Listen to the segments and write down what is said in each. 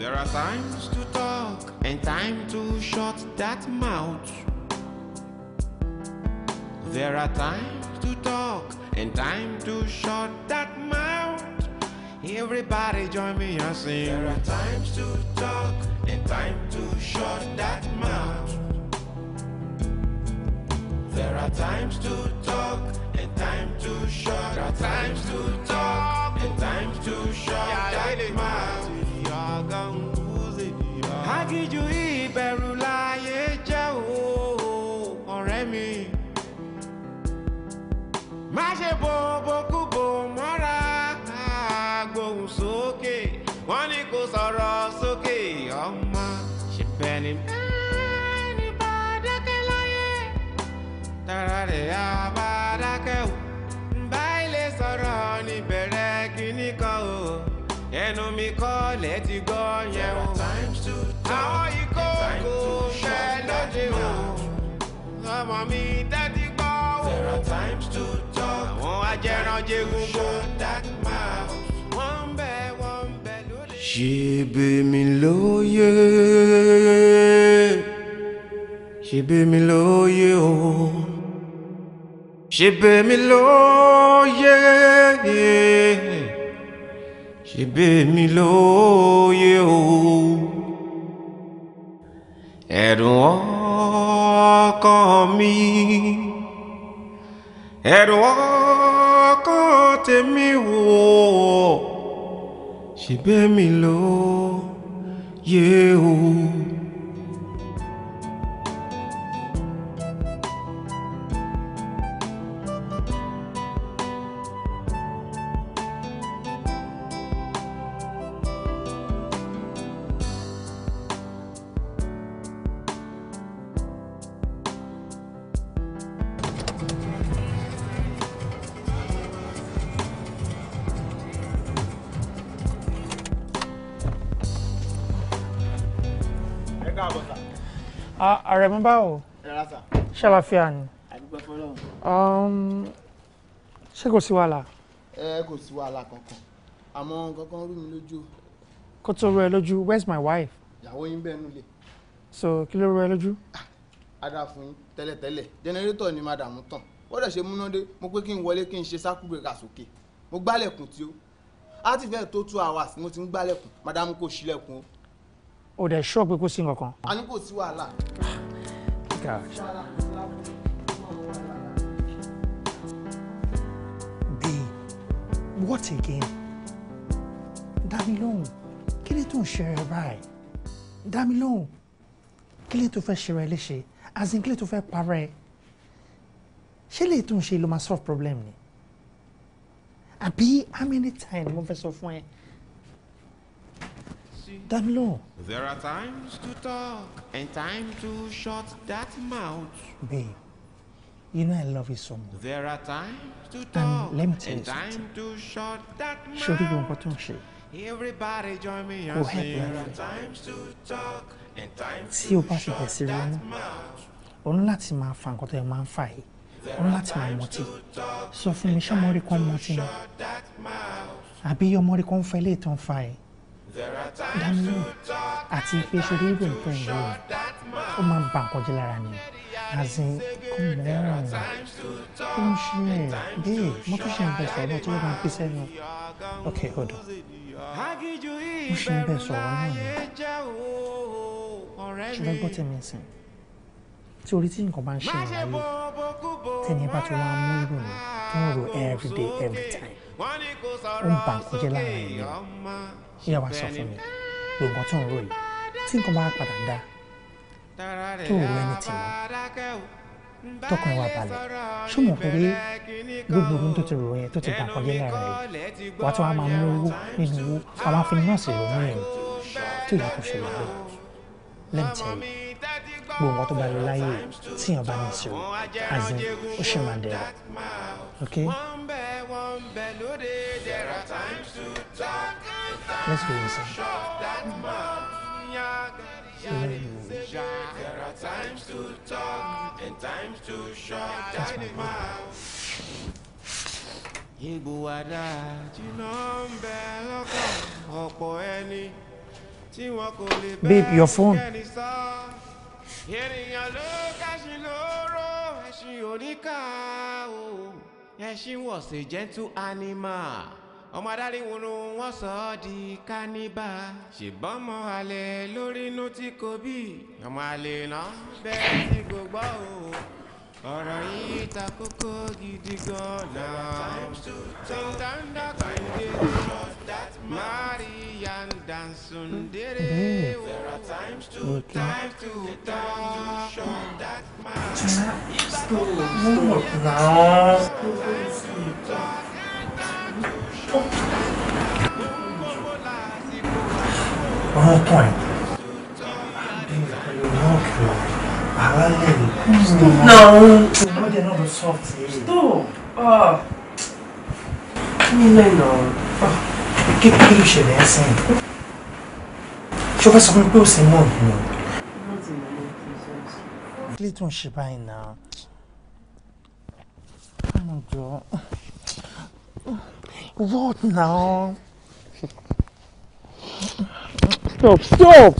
There are times to talk and time to shut that mouth. There are times to talk and time to shut that mouth. Everybody join me and sing. There are times to talk and time to shut that mouth. There are times to talk and time to shut. There are times to talk and time to shut yeah, that really. mouth. bo bokúbo mọ́ra gbóhùn sókè wọ́n ní kó sọ̀rọ̀ sókè ọmọ ṣe bẹ́ẹ̀ ni bẹ́ẹ̀ láyé tara rẹ̀ á bá o bá ilé sọ̀rọ̀ ní bẹ̀rẹ̀ kíní kan o ẹnu mi kọ́ lẹ́ ti yẹn o àwọn ikọ̀ kò fẹ́ lóde o ọmọ mi. jẹran jẹgungun. wọ́n bẹ̀ wọ́n bẹ̀ lóde. ṣebí mi lóye ṣebí mi lóye o ṣebí mi lóye ṣebí mi lóye o ẹ̀dùn ọkàn mi ẹ̀dùn ọkàn kọ́ tèmi wò ṣe bẹ́ẹ̀ mi lọ yé o. Yeah, àrẹ̀mú báwo ṣàlàfíà ni um, ṣé kò sí wàhálà. ẹ kò sí wàhálà kankan àmọ́ kankan rú mi lójú. kó tó rú ẹ lójú where's my wife. ìyàwó yín bẹ́ẹ̀ nulẹ̀. so kí ló rú ẹ lójú. ada ah, fún yín tẹ́lẹ̀tẹ́lẹ̀ jẹnẹrétọ̀ ni màdàmú tàn wọ́n dẹ̀ ṣe múnádé mo pé kí n wọlé kí n ṣe sákúgbèkà sókè mo gbálẹ̀kùn tí ó á ti fẹ́ tó two hours mo ti ń gbálẹ̀kùn màdàmú kò ṣílẹ̀kùn o o dẹ̀ ṣọ́ pé kò sí nǹkan. a ní kò sí wàhálà. bíi what again dámi lóhùn kí ló tó ń ṣe rẹ báyìí dámi lóhùn kí ló tó fẹ́ ṣe rẹ léṣe as in kí ló tó fẹ́ parẹ́ ṣé lè tó ń ṣe ló máa solve problem ni àbí how many times mo fẹ́ sọ fún ẹ. Dámi lóhùn. There are times to talk and time to shut that mouth. Babe, you know I love you so much. There are times to talk and, let me tell and you time to shut that mouth. Ṣé o rí gbogbo nǹkan tó Everybody join me and say there are times to talk and time to shut that mouth. Tí o bá ṣe tẹ̀sí ronú, o ní láti máa fa nǹkan tó yẹ máa ń fà yìí. O láti máa mọtí. Sọ fún mi ṣé ọmọ rí kan mọtí ni? Àbí ọmọ rí kan ń fẹ́ lè tán fa yìí? dání àti pé ṣorí ìwé nǹkan ìwé ó máa ń ba nǹkan jẹ́ lára ni azin kò mẹ́ràn ó ń ṣe ẹ̀ bíi mo tún ṣe ń bẹ sọ̀rọ̀ tí wọ́n máa ń pín sẹ́nu ok hold on mo ṣe ń bẹ sọ̀rọ̀ náà ṣùgbọ́n gbọ́ tẹ̀mí ẹ̀sìn tí orí tí nǹkan bá ń ṣe ìwáyé tẹ́ni bá ti wá mú ìròyìn tó ń ro every day ó ń ba nǹkan jẹ́ lára ẹ̀yọ́ yíyá wa sọ fún mi gbogbo tó ń rò yìí tí nǹkan bá padà dá tó rò ẹni tì mọ́ tọkàn wa balẹ̀ ṣé mo pé gbogbo ohun tó ti rò yẹn tó ti bà kọjá lára rẹ̀ wàá tó wàá máa mú owó nínú owó àwọn afinimọ̀sí rò rẹ̀ tó yẹ kó ṣẹlẹ̀ bẹ́ẹ̀ lẹ́mtẹ̀rì gbogbo nǹkan tó bá lè láyè tíyàn bá ní ìṣòro azin ó ṣì máa dẹ̀rọ ok. let's go listen. There are times to talk and times Babe, your phone. ènìyàn ló kẹ́sìn lóró ẹ̀sìn oníkà o ẹ̀sìn wọ̀ sí gentle animal ọmọ adarí wọnú wọn sọ ọ di káníbà ṣùgbọ́n ọmọ àlè lórí inú tí kò bí ọmọ àlè náà bẹ́ẹ̀ tí kò gbọ́ o ọ̀rọ̀ yìí ta kókó gidi gan-an sọ̀tàndà kúndé marian dansundere o times to talk that much. Parallel. Mm. Stop. No. No, they're not soft. Eh? Stop. Oh. No, no. Oh. Keep you should answer. Ṣé o fẹ́ sọ fún mi pé o sì mọ̀ ni? Kílé tó ń ṣe báyìí náà. What now? Stop, stop!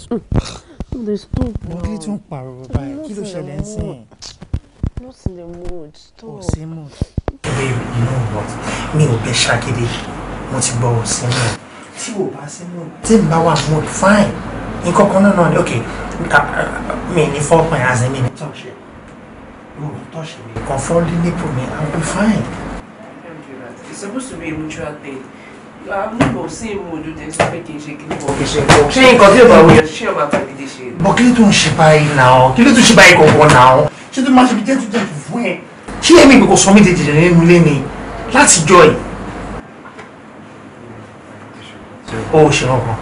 to dey stop now. wọ́n kí tún pààrọ̀ bàbá ẹ̀ kí ló ṣẹlẹ̀ ń sìn. not in the mood stop. kò sí mood. babe you know what mi ò bẹ ṣàgídí mo ti gbọ́ ò sí mood tí ò bá sí mood tí n bá wà mood fine nǹkan kan náà náà ok mi ní four point as in mi ní tọ́ṣẹ̀ mi ò ní tọ́ṣẹ̀ mi kàn fọ́ọ́lì nípò mi i will be fine. It's supposed to be a mutual thing bọ̀ kí ló tún ṣe báyìí náà kí ló tún ṣe báyìí kọ̀ọ̀kan náà ṣé tó máa ṣe bí jẹ́tù jẹ́tù fún ẹ ṣé èmi ìgbìkọ̀ sọ mí jẹjẹrẹ nínú ilé ni láti jọ ẹ̀. ó ṣe rán kan.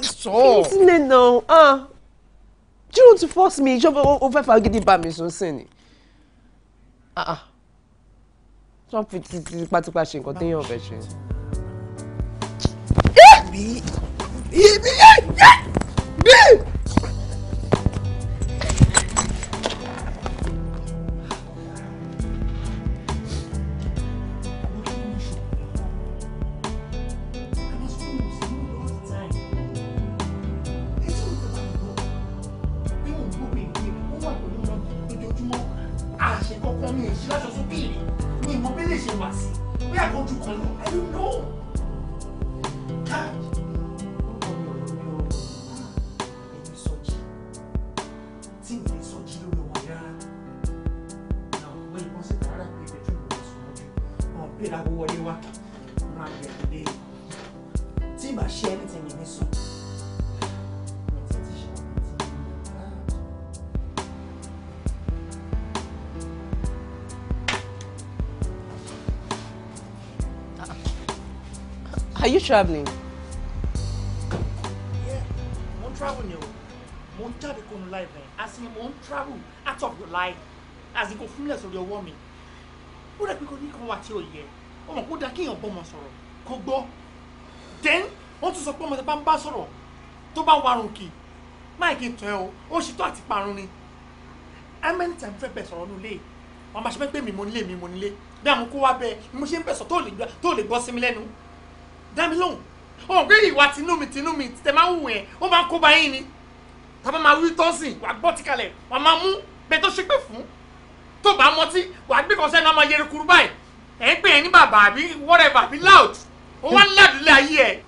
Stop! Isn't it now? Ah, do you want to force me? Ìjọba ó fẹ́ fagídí bá mi sùn sí Ah ah tó fi tipátipá ṣe nǹkan téèyàn fẹ́ ṣe. bí bí bí. ṣe wà sí bóyá kan ojú kan lọ I don't know. traveling? Yeah, mo ń travel ni o. Mo ń jáde kó nu life ẹ̀. As in mo ń travel out of your life. As in kò fúnlẹ̀ sórí ọwọ́ mi. Ó rẹ̀ pé kò to kan wà tí ò yẹ. Ó mọ̀ kó da kéèyàn bọ́mọ sọ̀rọ̀. Kò Then wọ́n tún sọ pé ọmọ tí bá ń bá sọ̀rọ̀ tó bá warùn kì. Máì kì í tọ́ ẹ o. Ó ṣètò àti parun ni. Amẹ́ni tàbí fẹ́ bẹ̀ sọ̀rọ̀ nulẹ̀ yìí wọn I'm ṣe pé mi mo nílé mi mo nílé bí àwọn kó wá bẹ mo dá mi lóhùn o pé ìwà tinúmi tinúmi tẹ máa ń wù yẹn ó máa ń kó ba yín ni tàbá máa wí tọ́sìn wàá gbọ́ ti kalẹ̀ wàá máa mú bẹ́ẹ̀ tó ṣe pé fún tó bá mọtí wàá gbé kan sẹ́nu ọmọ yẹrẹ kuru báyìí ẹ̀ ń pè é ní bàbá àbí whatever àbí loud ó wá loud lé ayé ẹ̀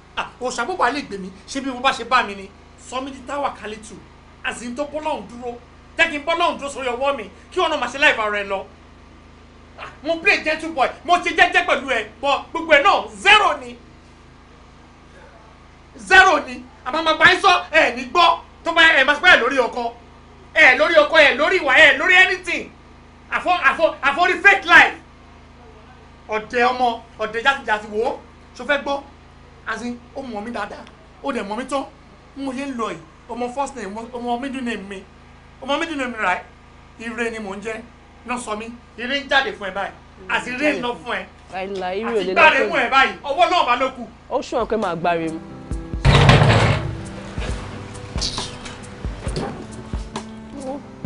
òṣàgbọ́gbà lè gbèmí ṣé bí mo bá ṣe bá mi ni sọmi ti táwà kalẹ̀ tù àti ní tó bọ́lọ́hùn dúró jẹ́ kí n dúró sórí ọwọ́ mi kí ọ̀nà màṣẹ láìpẹ́ rẹ lọ mo play gentle boy mo ti jẹ́jẹ́ pẹ̀lú ẹ̀ bọ̀ gbogbo ẹ̀ náà zero ni zero ni àmọ́ ọmọ báyìí sọ ẹ̀ ní gbọ́ tó bá ẹ̀ máa sọ pé ẹ̀ lórí ọkọ ẹ̀ lórí ọkọ ẹ̀ lórí ìwà ẹ̀ lórí anything àfọ àfọ àforí fake life ọ̀dẹ̀ ọmọ ọ̀dẹ̀ jásijàsi wò ó ṣo fẹ́ gbọ́ àti ó mọ̀ mí dáadáa ó dẹ̀ mọ̀ mí tán mo ṣe ń lọ yìí ọmọ first name ọmọ middle name mi ọmọ middle name rà ẹ́ ire ni mò ń jẹ́ náà sọ mí ire ń jáde fún ẹ báyìí àti ire ń lọ fún ẹ àti gbáre mú ẹ báyìí ọwọ́ náà bá ló kù. ó ṣùwọ̀n pé màá gbáre mu.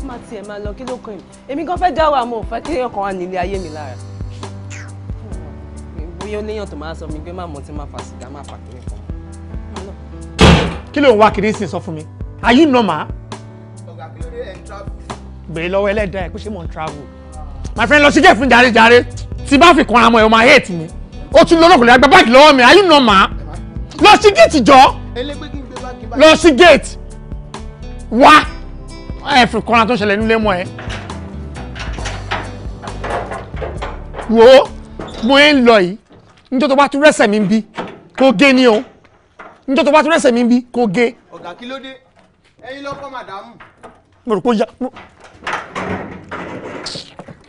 má tiẹ̀ máa lọ kí ló kàn yín èmi gan fẹ́ dá wà mo fẹ́ kí ọkàn wà nílé ayé mi lára bóyá ó tó máa sọ mi pé má mọ tí má fa sìgá má fa kiri kan. kí ló ń wá kiri sí sọ fún mi are you normal. ọ̀gá kí ló dé ẹ̀ ń travel. gbèrè e lọ́wọ́ ẹlẹ́dàá ẹ̀ pé ṣé mo ń travel. my friend lọ sí jẹ́ fún jàrejàre tí bá fi kanra mọ́ ẹ̀ o máa hate mi ó tún lọ́nà kò lè gba báàgì lọ́wọ́ mi are you normal. lọ sí gate jọ lọ sí gate wá ẹ fi kọ́ra tó ṣẹlẹ̀ nílé mọ́ ẹ. wo mo ń lọ yìí nítorí tó bá tún rẹ́sẹ̀ mi bí kò gé ni o nítorí tó bá tún rẹ́sẹ̀ mi bí kò gé. ọ̀gá kí ló dé ẹ̀yin lọ́kọ́ màdámù. mo rò pé ó ya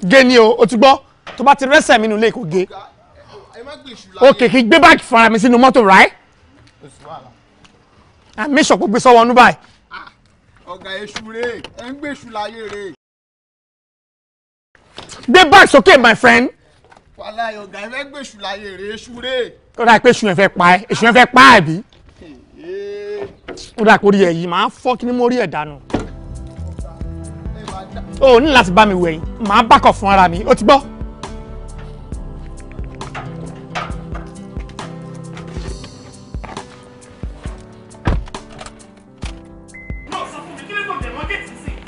gé ni o o ti gbọ́ tó bá ti rẹ́sẹ̀ mi nù lé kò gé òkè kí gbé báàgì fara mi sínú mọ́tò rà ẹ́ àmì ìṣọ̀kú gbé sọ́wọ́ ọ̀nù báyìí ọ̀gá èṣù rèé ẹ̀ ń gbèṣù láyé rèé. Dey back sókè my friend. wàhálà ọ̀gá ẹ fẹ́ gbèṣù láyé rèé èṣù rèé. ó dà pé èṣù yẹn fẹ́ pa ẹ èṣù yẹn fẹ́ pa ẹ bí. ó dà pé orí ẹ yìí màá fọ́ kí ni mo rí ẹ̀ dànù. o ní láti bá mi wẹ̀yìn màá bákọ̀ fún ara mi ó ti gbọ́.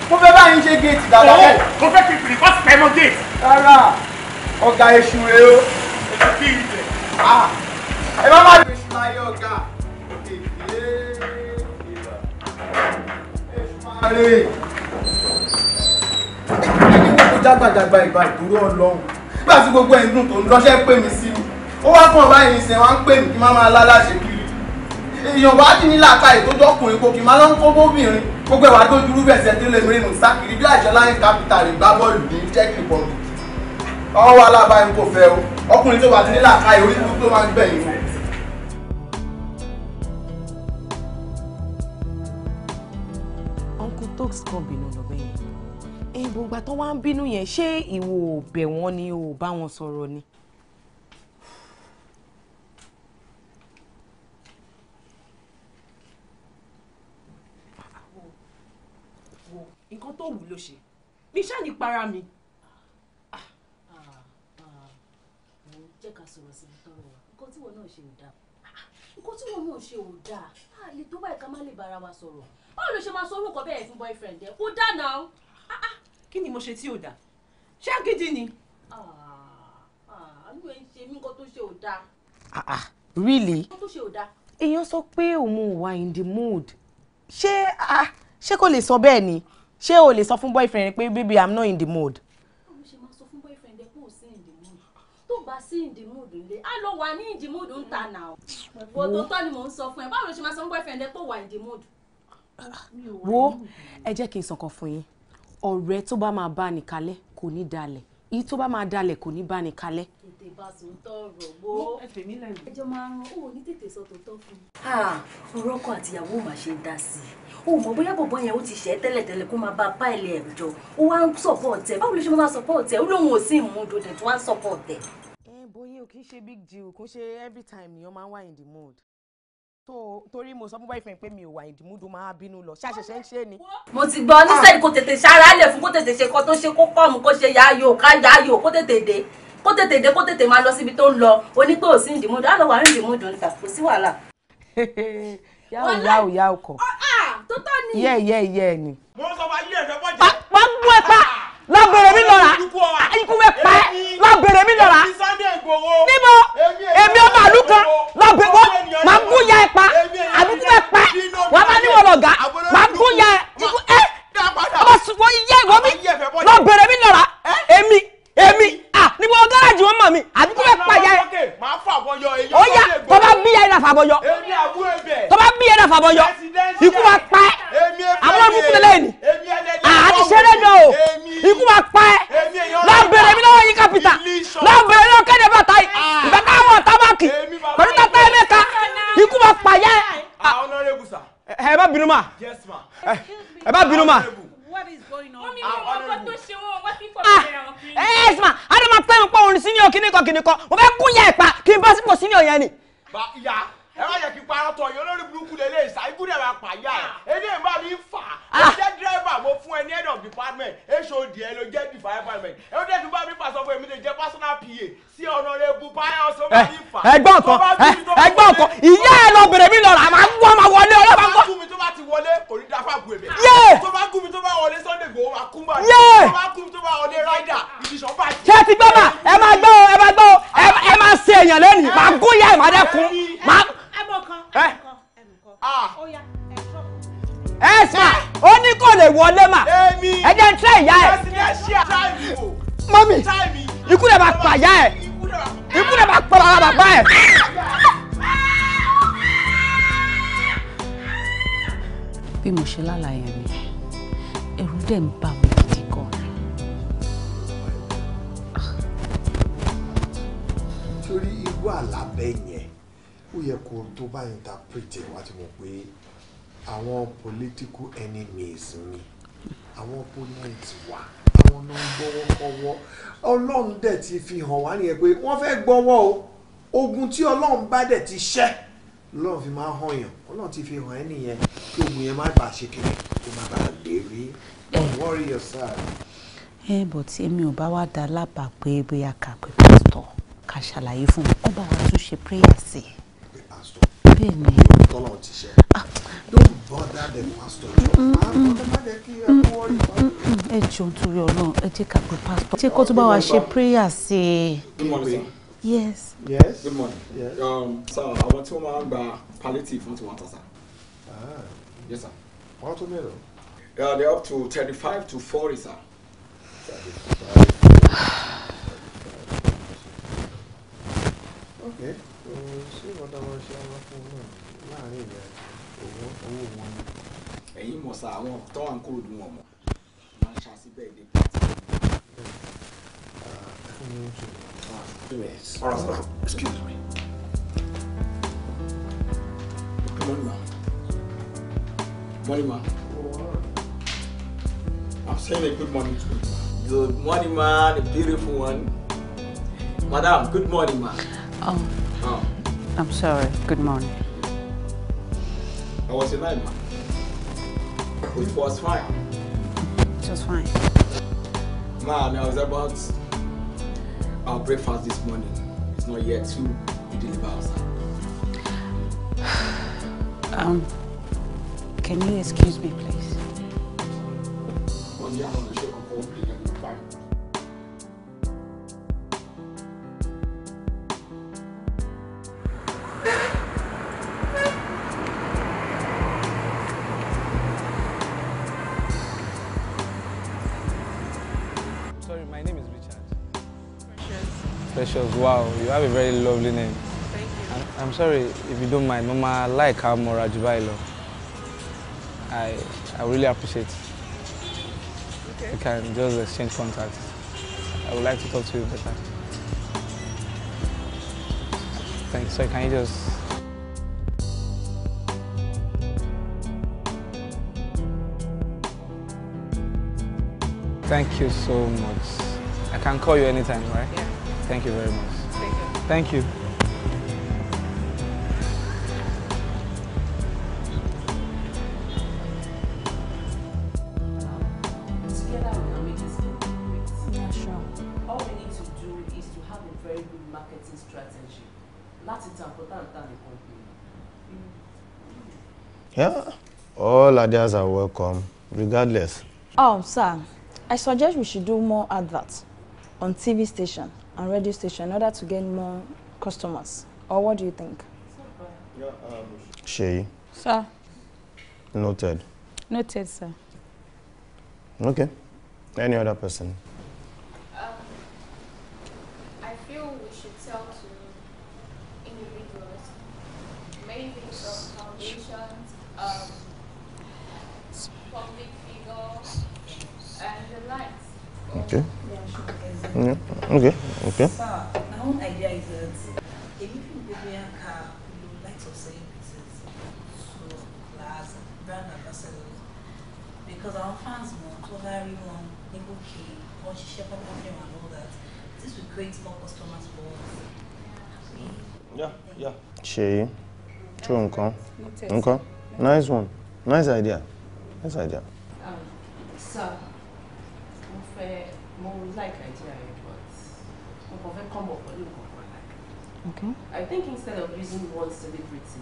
mo fẹ́ báyìí ṣe géètì dada. owó mo fẹ́ kí n pèrè fásitì ẹ̀mọ géètì. rárá ọ̀gá èṣù rẹ o. èṣù kí n jẹ. ẹ bá má dé èṣù máa yọ ọ̀gá. èṣù máa rè é. ẹni tí mo jágbàjàgbà ìgbà ìdúró ọlọ́run nígbà tí gbogbo ẹ̀ ń dùn tó ń lọ́ṣẹ́ pè mí sí mi ó wá fún ọ̀bá yìí ṣe wá ń pè mí kí má máa láláṣẹ kiri èèyàn wá dì ní làákà ètòjọ ọkùnrin kò kì máa lọ́n kó bóbìnrin gbogbo ẹ̀wà tó dúró bẹ̀sẹ̀ tó lè mìíràn sákìrì bí àjọlá ń kápítà rè gbá bọ́ọ̀lù ní jẹ́kì pọ̀ ọwọ́ alábàá ń kò fẹ́ o ọkùnrin tó wà ní làákà orí tó máa ń gbẹ̀yìn fún. Uncle Tox kan bínú lọ bẹ́yìn ẹ̀ gbogbo àtọ́wá ń bínú yẹn ṣé ìwọ ò bẹ̀ wọ́n ni ò bá wọn sọ̀rọ̀ ni. nǹkan tó wù ló ṣe mi ṣáà ní para mi. Ah, ah, ah. jẹ́ ká sọ̀rọ̀ sí mi tọrọ wa nǹkan tí wọn náà ṣe ò dáa nǹkan tí wọn náà ṣe ò dáa a lè tó báyìí ká má lè bára wa sọ̀rọ̀ báwo ló ṣe máa sọ orúkọ bẹ́ẹ̀ fún boyfriend ẹ kó dáa náà. kí ni mo ṣe tí ò dáa ṣé àgídí ni. àánú ẹ̀ ń ṣe mí nǹkan tó ṣe ò dáa. really. nǹkan tó ṣe ò dáa. èèyàn sọ pé òun wà in the mood ṣé ṣé kò lè sọ bẹ́ẹ̀ ni ṣé o lè sọ fún boyfriend pé baby i'm not in the mood. mo ṣe máa sọ fún boyfriend ẹ kó o sí in the mood tó bá sí in the mood lé á lọ wà ní in the mood ń ta nà ó wo tó tọ́ ni mò ń sọ fún ẹ báwo ló ṣe máa sọ fún boyfriend ẹ kó wà in the mood. wo ẹ jẹ́ kí n sọ̀kan fún yín ọ̀rẹ́ tó bá máa bá nìkalẹ̀ kò ní dalẹ̀ èyí tó bá máa dalẹ̀ kò ní bá ní kalẹ̀. tètè bá sùn tọrọ gbó. ẹ fèmí lẹ́nu. ẹjọ́ máa ń rán òun ní tètè sọ tòótọ́ fún mi. ọ̀rọ̀ ọkọ àtìyàwó ò máa ṣe ń dá sí i o mọ̀ bóyá bọ̀bọ̀ yẹn ó ti ṣẹ́ tẹ́lẹ̀tẹ́lẹ̀ kó máa bá a bá ilé ẹ̀rù jọ ó wá ń sọ̀pọ̀ọ̀tẹ̀ báwo ló ṣe máa sọ̀pọ̀ọ̀tẹ̀ ó lóun ò sí ìmúdodè tó wá ń sọ̀pọ̀ọ̀tẹ̀. ẹ bóyá o kì í ṣe big deal kó ṣe every time ni o máa ń wà in the mood torí mo sọ fún boyfriend pé mi ò wà ìdìmúdùn máa bínú lọ ṣàṣẹṣẹ ń ṣe ni. mo ti gbọ́ nísẹ́yìn kó tètè ṣáralẹ̀ fún kó tètè ṣe kó tó ṣe kó kọ́ọ̀mù kó ṣe yáyò ká yáyò kó tètè dé kó tètè dé kó tètè máa lọ síbi tó ń lọ onípè ò sí ìdìmúdùn àlọ́ wà ní ìdìmúdùn níta kò sí wàhálà. yáò yáò yáò kọ yẹ yẹ yẹ ni. mo sọ wa ilé ẹ̀rọ bọ́jà níbo èmi ọmọ àlù kan lọ́gbẹ̀wọ́ máa kú ya ẹ pa àbúkú ẹ pa wàá bá níwọ̀n lọ̀gá máa kú ya ẹ ọmọ sùnwọ̀n iye ìwọ mi lọ́bẹ̀rẹ̀ mi lọ́ra èmi èmi à níbo gáràjì wọn mọ mi àbí kí wọn pa ìyá ẹ. máa fà bọ yọ èyí. ó yá tó bá bí yàrá fà bọ yọ. èmi àbú ebè. tó bá bí yàrá fà ikú wa pa ẹ. èmi ebè àwọn ọmọ ìkúlẹ̀ lẹ́yìn ni. èmi ẹlẹ́dẹ̀ lọ́wọ́ àti sẹ́rẹ̀ náà o. ikú wa pa ẹ. èmi èyàn lọ́wọ́ lọ́wọ́ mi lọ́wọ́ yín kápítà. lọ́wọ́ bèrè lọ́wọ́ kẹ́dẹ̀ bàtà yìí. Ah. ìgbà káwọn tábàkì pẹ̀lú tata ẹ̀ mẹ́ta. ikú wa pa ìyá ẹ. Ah, ẹ bá bínú mà ẹ bá what is going on. mọ́mí wọn ọkọ tó ṣe wọn wá sí fọ́ọ̀mù ìlera wọn kiri. ẹ ẹ sima a ló máa pẹ́ ń pọ́ orin sí ní o kíníkan kíníkan mo fẹ́ kúnyà ẹ̀pà kí n bá sípò sí ní òyìn bá ìyá ẹ má yẹ kí parọ́ tọ̀ yìí olórí burúkú lélẹ̀ ṣáìkú dẹ̀ máa pààyà ẹ̀ ẹ̀dẹ̀ má mi fà á ah. ẹ̀ jẹ́ dírẹ́fà mo fún ẹ ní head of department hod ẹ ló jẹ́ difa department ẹ̀ ó dẹ̀ tún bá mi fà sọ fún mi lè jẹ́ personal pa sí honorable báyọ̀ sọ fún eh, mi fà. ẹgbẹ́ ọkọ ẹgbẹ́ ọkọ ìyá ẹ lọ bèrè mi lọ́ra àmà wọ́n máa wọlé ọlọ́ba ń bọ̀. tó bá gún mi tó bá ti wọlé kò ní dáfà bu èmi. tó bá gún màá gún yá lè wọlé mà ẹ jẹ́ n tẹ́ ìyá ẹ̀ mọ́mì ikú lè máa pa ìyá ẹ̀ ikú lè máa pa bàbá bàbá ẹ̀. bí mo ṣe lálàyé mi ẹ̀rù dẹ̀ ń bà mí gidi gan. torí irú àlàbẹ̀ yẹn ó yẹ kó tó bá interpret wá ti mọ̀ pé àwọn political enemies mi àwọn opponents wa àwọn náà ń gbọ́wọ́ kọ́wọ́ ọlọ́run dẹ̀ ti fi hàn wá nìyẹn pé wọ́n fẹ́ gbọ́wọ́ o ogun tí ọlọ́run bá dẹ̀ ti ṣẹ́ ọlọ́run fi máa hàn yàn ọlọ́run ti fi hàn ẹ́ nìyẹn kí ogun yẹn má bàa ṣe kiri kó má bàa lè rí don't worry yourself. ẹ bọ̀ tí èmi ò bá wá da lábàá pé bóyá kà pé pásítọ̀ ká ṣàlàyé fún un kó wa tún ṣe prayer sí i. pé pásítọ̀ bẹ́ẹ̀ ni. don't bother the pastor. ẹ jọ̀ọ́ nítorí ọlọ́run ẹ jẹ́ ká pe pastor. ṣé kó tó bá wa ṣe prayer sí i. good morning sir. yes. yes. good morning. yes. Um, sir àwọn tí wọ́n máa ń gba palliative fún tiwọn tán sir. Ah. yes sir. wọ́n tún mẹ́rọ. they are up to thirty five to forty sir. okay. ṣé ìwọ́n dáná ṣe ọlọ́fun náà láàrin ìyá ẹ̀ owó wọn ni ẹ̀yin mọ̀ sá àwọn tó wà ń kúrò ní wọn mọ̀ máa ń ṣàṣì bẹ́ẹ̀ dé pàtó. ọ̀rọ̀ excuse me. Morning, ma'am. Morning, ma'am. I'm saying a good morning to you. Good morning, man. A beautiful one. Madam, good morning, man. Oh. oh. I'm sorry. Good morning. How was night, Lima. It was fine. It was fine. Man, I was about our breakfast this morning. It's not yet to be delivered Um, can you excuse me, please? precious. Wow, you have a very lovely name. Thank you. I'm sorry if you don't mind, Mama I like how Jubailo. I, I really appreciate it. Okay. We can just exchange contacts. I would like to talk to you better. Thanks. So can you just Thank you so much. I can call you anytime, right? Yeah. Thank you very much. Thank you. Thank you. Yeah, all ideas are welcome, regardless. Oh, sir, I suggest we should do more adverts on TV station and radio station in order to gain more customers? Or what do you think? Shay? Sir. Noted. Noted, sir. Okay. Any other person? Um, I feel we should sell to individuals, maybe some foundations, um, public figures, and the likes. Okay. Yeah. Mm-hmm. Okay. Okay. Sir, my own idea is that if you baby and car, you like to say pieces to class, brand ambassador, because our fans want to vary on able key, or share and all that. This will create more customers for us. Yeah. Yeah. Ṣèyí, tó nǹkan, nice one, nice idea, nice idea. Um, sir, mo fẹ́, mo like idea kò come up pẹ̀lú like okay. I think instead of using one celebrity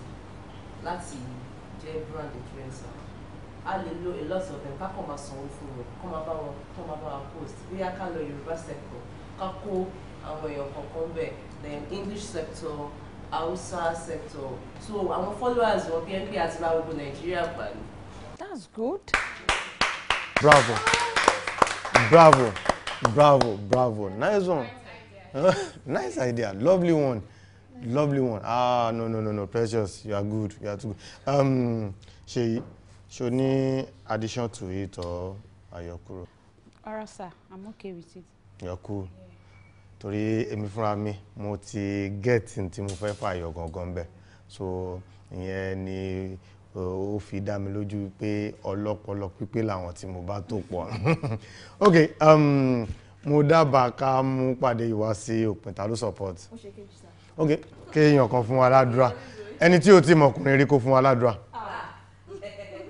láti jẹ́ brand influencer a lè lo a lot of them ká kàn máa Come about, wọn kó máa post We are ká lọ Yorùbá sector ká kó àwọn èèyàn kọ̀ọ̀kan then English sector Hausa sector so our followers wọn bí ẹgbẹ́ àti bá gbogbo Nàìjíríà gbà That's good. Bravo. Bravo. Bravo. Bravo. Nice one. nice idea lovely one lovely one ah no no no no precious you are good you are too good um ṣe ṣo ní addition to it or àyọkúrò. ọ̀rọ̀ sir i'm okay with it. you're cool torí èmi fúnra mi mo ti get tí mo fẹ́ fààyò gangan bẹ́ẹ̀ so ìyẹn ni ó fi dá mi lójú pé ọlọ́pọlọ pípé làwọn tí mo bá tó pọ̀ okay. Um, mo dábàá ká mú pàdé ìwá sí òpin ta support ok kéèyàn kan fún wa ládùúrà ẹni tí o ti mọ̀ ọkùnrin rí kó fún wa ládùúrà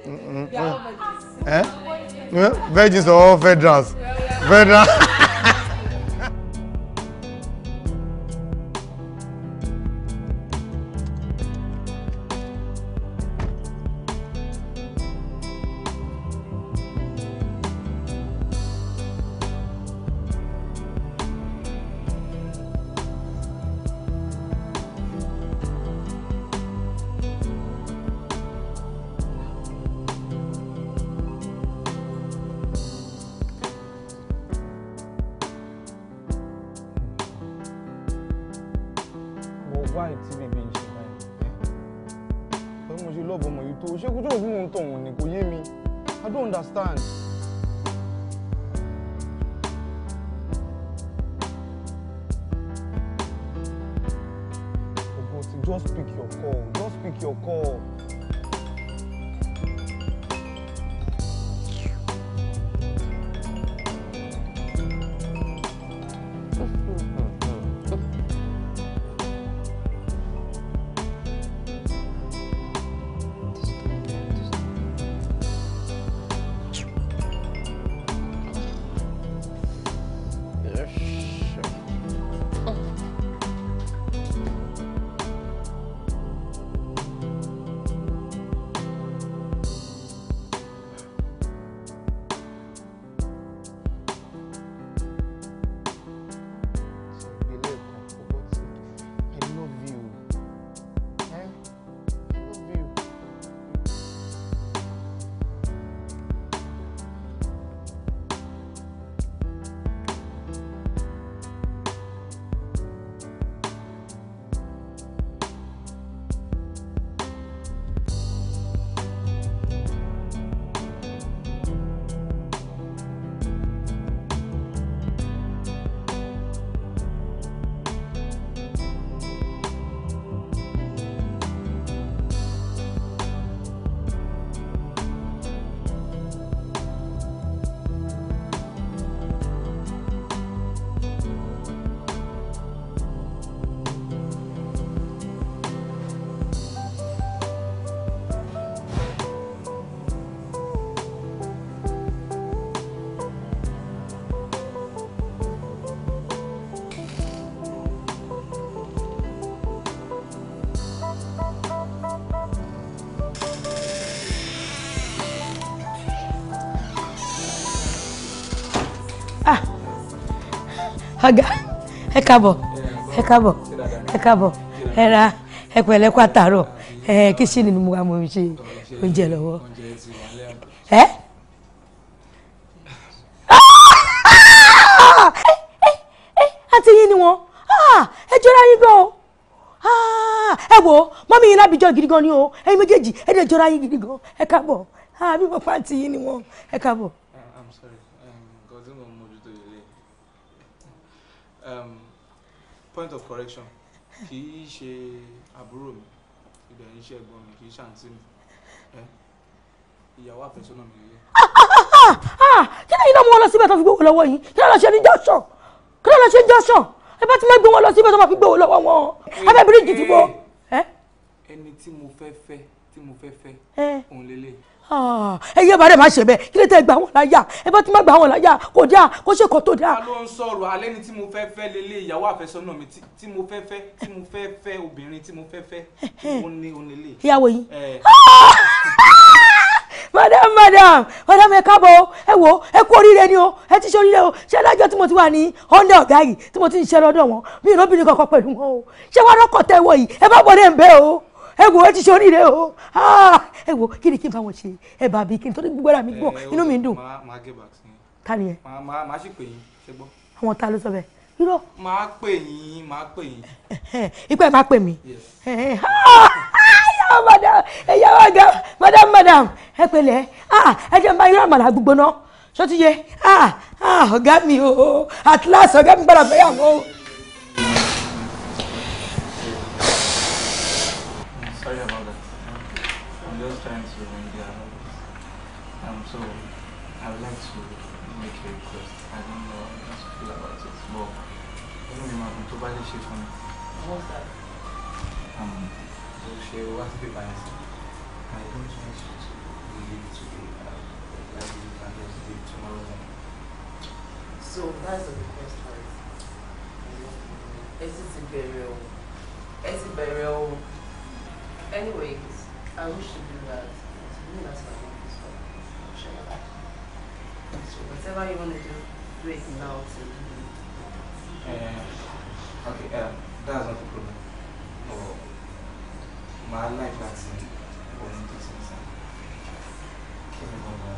mm-hmm. eh? virgins or federals federals. ọ̀gá ẹ káàbọ̀ ẹ káàbọ̀ ẹ káàbọ̀ ẹ ra ẹ pẹ̀lẹ́ kó àtàrọ̀ ẹ kíṣìnì ni mo wà mo ṣe oúnjẹ lọ́wọ́ ẹ. Ah! àti yín ni wọn ah! ẹ jọra yín gan ah! ẹ wo mọ́mí yín lábìjọ́ gidi gan ni o ẹ̀yin méjèèjì ẹ jọra yín gidi gan ẹ káàbọ̀ àbí mo pa àti yín ni wọn ẹ káàbọ̀. I'm sorry. um, point of correction kì í ṣe àbúrò mi ìdẹ̀ yìí ṣe ẹ̀gbọ́n mi kì í ṣàǹtí mi ìyàwó àfẹ́sọ́nà mi lè yẹ. kí lẹ́yìn náà mú wọn lọ síbẹ̀ tó fi gbowó lọ́wọ́ yìí kí lọ́ọ́ lọ ṣe ní junction kí lọ́ọ́ lọ ṣe ní junction ẹ bá ti lè gbé wọn lọ síbẹ̀ tó máa fi gbowó lọ́wọ́ wọn abẹ́ bíríìjì ti bọ́. ẹni tí mo fẹ́ fẹ́ tí mo fẹ́ fẹ́ òun lélẹ̀ ẹ yé bàdé má ṣe bẹ́ẹ̀ kí ló tẹ́ gbà wọ́n láyà ẹ bá ti má gbà wọ́n láyà kò dáa kó ṣe kó tó dáa. ta ló ń sọ̀rọ̀ alẹ́ ni tí mo fẹ́ fẹ́ lélẹ̀ ìyàwó àfẹ́sọ́nà mi tí mo fẹ́ fẹ́ tí mo fẹ́ fẹ́ obìnrin tí mo fẹ́ fẹ́ òun ni òun ìyàwó yìí madam madam madam ẹ káàbọ̀ ẹ wo ẹ kú oríire ni o ẹ ti ṣe oríire o ṣé lájọ tí mo ti wà ní ọ̀ndẹ̀ ọ̀gá yìí tí mo ti ń ṣe lọ́dọ̀ wọn mi ìrọ́bìnrin kankan pẹ̀lú wọn o ṣé wàá rọ́kọ̀ tẹ́wọ̀ yìí ẹ bá bọ̀ dé ń bẹ́ o ẹ wo ẹ ti ṣe oríire o ah, ẹ wo kí ni kí n fa wọn ṣe ẹ bá bí kí n tó ní gbogbo ara mi gbọ́ eh, inú mi ń dùn. máa gé bàtí. ta ni ẹ. máa ṣì pè yín ṣe gbọ́. àwọn ta ló sọ bẹ́ẹ̀ irọ́. máa pè yín máa pè yín. ipa ẹ máa pè mí. ẹyà ah, ah, madam ẹyà eh, madam madam madam ẹ pẹ̀lẹ́ ẹ jẹ́ n bá irú àmàlà gbogbo náà ṣó ti yẹ ọ̀gá mi o at last ọ̀gá mi gbọ́dọ̀ fẹ́ yàgò biased. I don't want to leave today. I really can to leave tomorrow So that's the request for it. Exit burial. Exit burial. Anyways, I wish to do that. To me, that's my I So whatever you want to do, do it now to uh, okay, uh, that's not the problem. máa láì láti wọlé tó ṣe sá kí ni mo mọ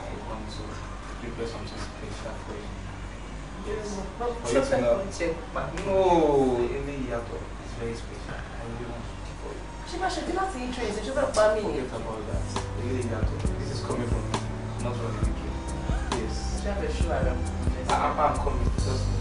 I want to prepare something special for you. Yes, not something for you. No, eléyìí yàtọ̀ is very special. I really want to keep for you. Ṣé máa ṣe dé láti interest ṣé fẹ́ pa mí? Forget about that. Eléyìí yàtọ̀. This is coming from me, not from the UK. Yes. Ṣé àbẹ̀ṣọ́ àrà? Apá ń kọ́ mi just.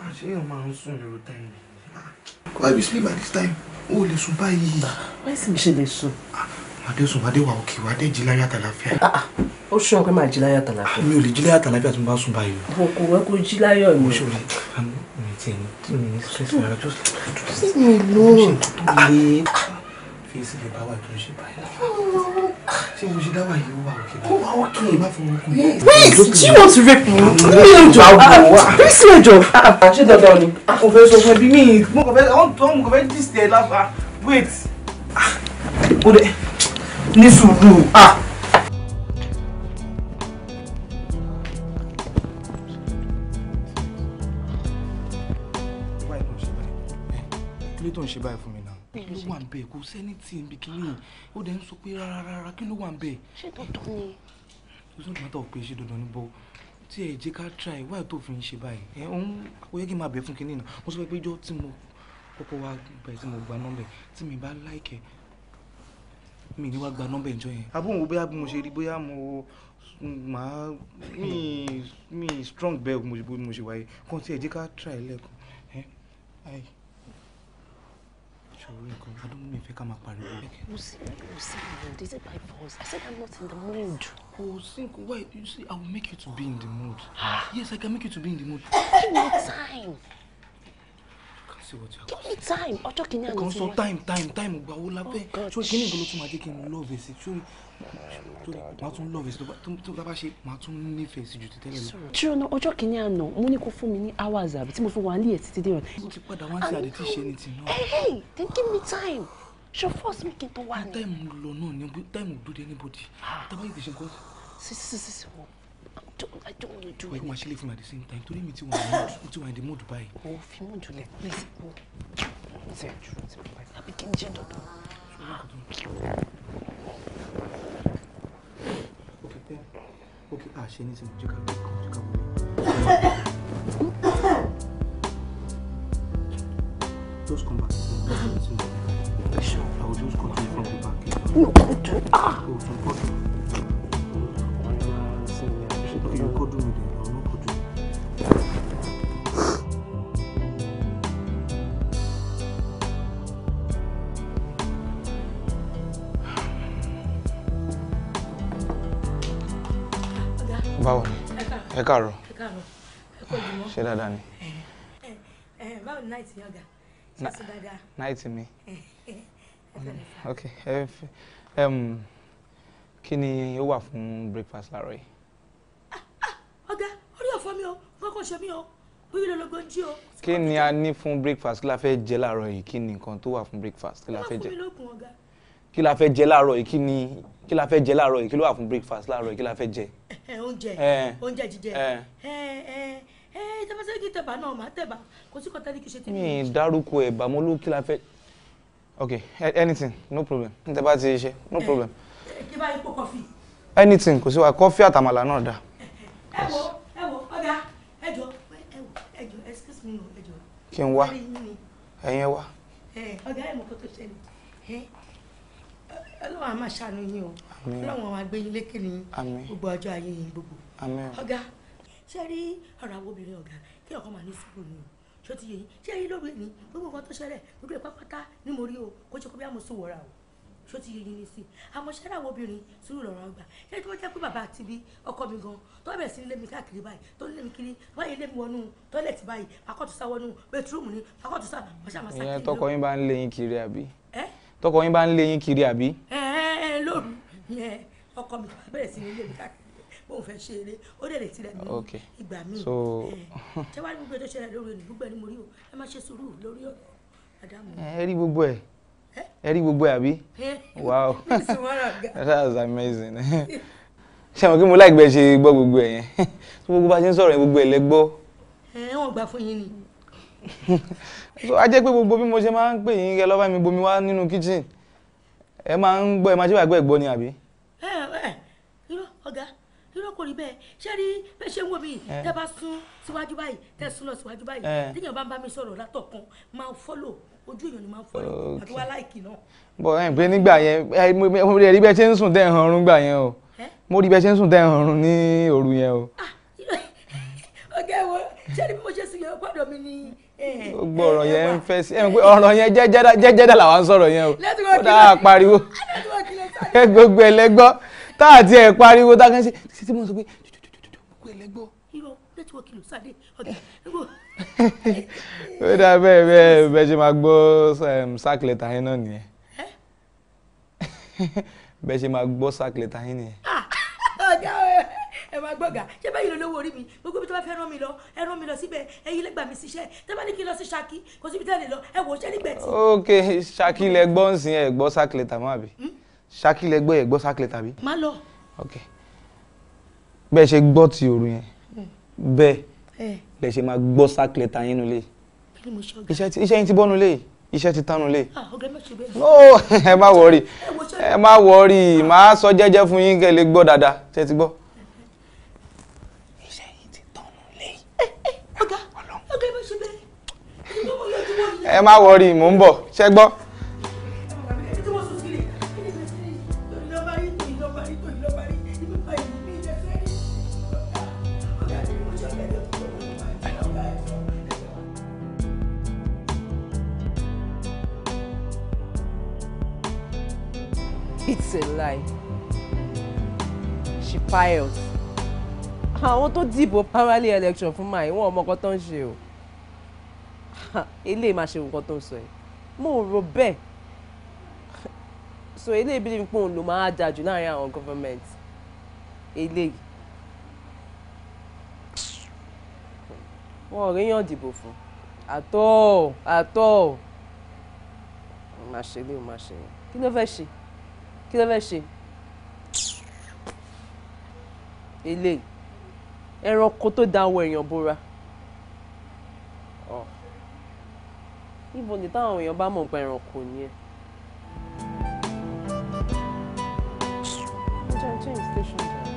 Ah, ṣé èèyàn máa ń sùn lóru táìmù. why you sleep at this time oh, lè sùn báyìí. Ah, why sì mi ṣe lè sùn. màdé ah, sùn màdé wà òkè wà á dé jí láyà tàlàfíà. ó ṣùgbọ́n pé màá jí láyà tàlàfíà. mi ò lè jí láyà tàlàfíà tí mo bá sùn báyìí. o kò wẹ́ kó jí láyà mi. mo ṣe olè mi ti mi ti mi ní stress mi ara just. leave me alone kíyèsí lè bá wà tó ń ṣe báyìí. ṣé mo ṣe dáwà yìí ó wà òkè báyìí. ó wà òkè báyìí má fọwọ́ kún. wait do you want to rape me. mi ò jọ bí sí ẹjọ. ṣé dandan ni mo fẹ́ sọ fún ẹbí mi mo kàn fẹ́ mo kàn fẹ́ dis there lafa wait. o de ní sùúrù. kí ló tó ń ṣe báyìí fún mi ń bẹ kò sẹ́ni tí ń bí kíní yìí ó dẹ̀ ń sọ pé rárá rárá kí ló wà ń bẹ. ṣé dandan ni. ó sọ mọ́tò pé ṣé dandan ni tí ẹ jẹ́ ká try wáyé tó fi ń ṣe báyìí ẹ òun ó yẹ kí n máa bẹ̀ fún kíní náà mo sọ pé ìjọ́ tí mo kọ́kọ́ wá bẹ̀ tí mo gba nọ́mbẹ̀ tí mi bá láìkẹ́ mi ní wá gba nọ́mbẹ̀ ìjọ yẹn. àbúrò bóyá bí mo ṣe rí bóyá mo máa mi mi strong bẹ́ẹ̀ mo ṣe wáyé kàn tí ẹ jẹ́ ká try lẹ́kọ̀ọ́ ẹ ṣòro nǹkan I don't mean fẹ́ ká máa pariwo bẹ́ẹ̀. mo sì mo is it by force I said I'm not in the mood. Oh, sí why you see I will make you to be in the mood. Ah. yes I can make you to be in the mood. give me time sí time ọjọ́ kìíní àná ti time time time gba owó lábẹ́ ṣé oh kí ni nǹkan ló tún máa jẹ́ kí love ẹ̀ sí ṣé love ẹ̀ sí tó bá ṣe màá tún nífẹ̀ẹ́ sí ju ti tẹ́lẹ̀ lọ. ṣé ọ̀nà ọjọ́ kìíní àná mo ní kó fún mi ní hours àbí tí mo fún wa ẹ̀ títí dé ọ̀nà. mo ti padà wá sí àdètí ṣe ni ti náà. hey then give me time ṣe force me kí n tó wà ní. táìmù lọ náà ní táìmù dúdú anybody ah. tábàyè ti ṣe nǹkan. sísísísí wọ́n don't I don't want to do it. Wait, actually from at the same time. Today me too want to want the mood by. Oh, if you want to let please go. Say true, say my wife. I begin gender. Okay, then. Okay, ah, she needs him. You can you can Just come back. Sure. I will just continue from the back. No, go to ah. Go from bottom mi kó dùn mí dẹ̀ lọ́rùn kó dùn mí. báwo ni ẹ káàárọ̀ ṣe dáadáa ni. báwo ni náìtì yọ̀gà ṣe ṣe dáadáa. náìtì mi ok um, kí ni ó wà fún breakfast láàárọ̀ yìí kankan ṣe mí o bí wílò lógo jí o. kí ni a ní fún breakfast kí la fẹ́ jẹ láàárọ̀ yìí kí ni nǹkan tó wà fún breakfast kí la fẹ́ jẹ kí la fẹ́ jẹ láàárọ̀ yìí kí ni kí la fẹ́ jẹ láàárọ̀ yìí kí ló wà fún breakfast láàárọ̀ yìí kí la fẹ́ jẹ. oúnjẹ oúnjẹ jíjẹ ẹ ẹ ẹ tẹmẹsẹ kí tẹba náà má tẹba kò sí kọtà ní kí ṣe tẹmẹ. mi dárúkọ ẹ bàmú ló kí la fẹ́ ok anything no problem n tẹ bá ti ṣe no problem. kí bá yín kó kọfí. anything kò sí wa kọfí àtàmàlà náà dá. ẹ wo kí n wá ẹ̀yin wá. ọ̀gá ẹ̀ mọ̀ kó tó ṣẹlẹ̀ ọlọ́run a máa ṣàánú yín o ọlọ́run a gbé yín lékè ní gbogbo ọjọ́ ayé yín gbogbo ọ̀gá ṣé rí ọ̀rọ̀ àwọn obìnrin ọ̀gá kí ọkọ máa ní sùúrù ni o ṣó ti yẹ yín ṣé rí lóbìnrin gbogbo nǹkan tó ṣẹlẹ̀ gbogbo ẹ̀ pápátá ni mo rí o kó ṣe kó bí a sùn wọ̀ra o ṣó ti yẹyin nísìn àmọ́ ṣẹ́ra àwọn obìnrin sùúrù lọ́rọ̀ àgbà ṣé tí wọ́n jẹ́ pé bàbá àti bí ọkọ mi gan tó bẹ̀rẹ̀ sí lémi káàkiri báyìí tó ní lémi kiri báyìí lémi wọnú tọ́lẹ̀tì báyìí akọ́tù sá wọnú bẹ́tírúmù ni akọ́tù sá wọ́ṣà máa sá ìyẹn tọkọ yín bá ń lé kiri àbí. ẹ ẹ lóru ọkọ mi bẹ̀rẹ̀ sí ní lémi káàkiri bóun fẹ́ ṣe eré ó dẹ̀ lè tirẹ̀ mí ìgbà míì ṣé wàá ní gbogbo ètò ìṣẹ̀lẹ̀ lórí ẹni gbogbo ẹni mo rí o ẹ má ṣe sùúrù lórí ọ̀rọ̀ àdámù. ẹ rí gbogbo ẹ ẹ rí gbogbo àbí wow that's amazing ṣe àwọn kí mo láì gbẹ ṣe gbọ́ gbogbo ẹ̀ yẹn tó gbogbo bá ṣe ń sọ̀rọ̀ yẹn gbogbo ẹ̀ lẹ ẹ wọn gbà fún yín ni. so a jẹ́ pé gbogbo bí mo ṣe máa ń pè yín kẹ́ lọ́ba mi bomi wá nínú kitchen ẹ máa ń gbọ́ ẹ máa ṣe wàgbẹ́ gbọ́ ni àbí. ẹ ẹ irọ́ ọ̀gá irọ́ kò rí bẹ́ẹ̀ ṣé rí bẹ́ ṣe ń wò mí tẹ́ bá sún síwájú báyìí tẹ́ sún lọ síwájú báyìí tíyẹn bá ń bá mi ojú èèyàn ni máa ń fọ ẹ àti wá láìkì náà. bọ ẹ pé nígbà yẹn mo rí bẹ ṣe ń sùn tẹ ẹ hanrun gbà yẹn o mo rí bẹ ṣe ń sùn tẹ ẹ hanrun ní òru yẹn o. Ah, ọgá ẹ wo ṣé ni bí mo ṣe sùn yẹn gbọ́dọ̀ mi ni gbogbo ọ̀rọ̀ yẹn ń fẹ́ sí ẹ̀rùn pé ọ̀rọ̀ yẹn jẹ́jẹ́dà làwa ń sọ̀rọ̀ yẹn o ó dáa pariwo gbogbo ẹlẹ́gbọ́ tá àti ẹ̀ pariwo tá a kàn sí mo sọ pé gbogbo ẹlẹ́gbọ́. irọ́ nẹ́tíwọ̀kì ló sáré ọ̀gá ó dà bẹ́ẹ̀ bẹ́ẹ̀ bẹ́ẹ̀ ṣe máa gbọ́ ehm, sack letter yẹn náà nìyẹn bẹ́ẹ̀ ṣe máa gbọ́ sack letter yẹn nìyẹn. Ah, ọ̀gá ẹ ṣé bẹ́ẹ̀ yìí orí mi gbogbo ibi tó bá fẹ́ rán mi lọ ẹ rán mi lọ síbẹ̀ ẹ̀yin lẹ́gbàá mi síṣẹ́ tẹ́ bá ní kí n lọ sí Ṣakí kò síbi tẹ́lẹ̀ lọ ẹ wò ó ṣẹ́ nígbẹ̀tì. ok Ṣakí lẹ gbọ́ ń sìn ẹ gbọ́ sack letter mọ́ àbí hmm? Ṣakí lẹ gbọ́ ẹ gbọ́ sack letter bí. má lọ. ok bẹ́ẹ̀ ṣe gbọ́ ti òru yẹn hmm. bẹ́ẹ̀ eh bẹ́ẹ̀ ṣe máa gbọ́ sákìlẹ̀ ta yín nulẹ̀ iṣẹ́ yín ti bọ́ nulẹ̀ iṣẹ́ ti tánu lé. Ah, no ẹ má wọrí ẹ má wọrí màá sọ jẹ́jẹ́ fún yín kẹ́ lè gbọ́ dáadáa ṣe ti gbọ́. iṣẹ́ yín ti tánu lé. ẹ má wọrí mò ń bọ̀ ṣẹ́ gbọ́. files àwọn tó dìbò parallel election fún máa ìwọ̀n ọmọ kan tó ń ṣe o eléyìí máa ṣe nǹkan tó ń sọ ẹ̀ mo rò bẹ́ẹ̀ so eléyìí bí pé òun ló máa dáa jù láàrin àwọn government eléyìí wọn ò ríyàn dìbò fún àtọ́ àtọ́ máa ṣe lé o máa ṣe kí ló fẹ́ ṣe kí ló fẹ́ ṣe eléyìí ẹranko tó da awọ èèyàn bora ibo ni táwọn èèyàn bá mọ̀ nípa ẹranko nìyẹn. change station.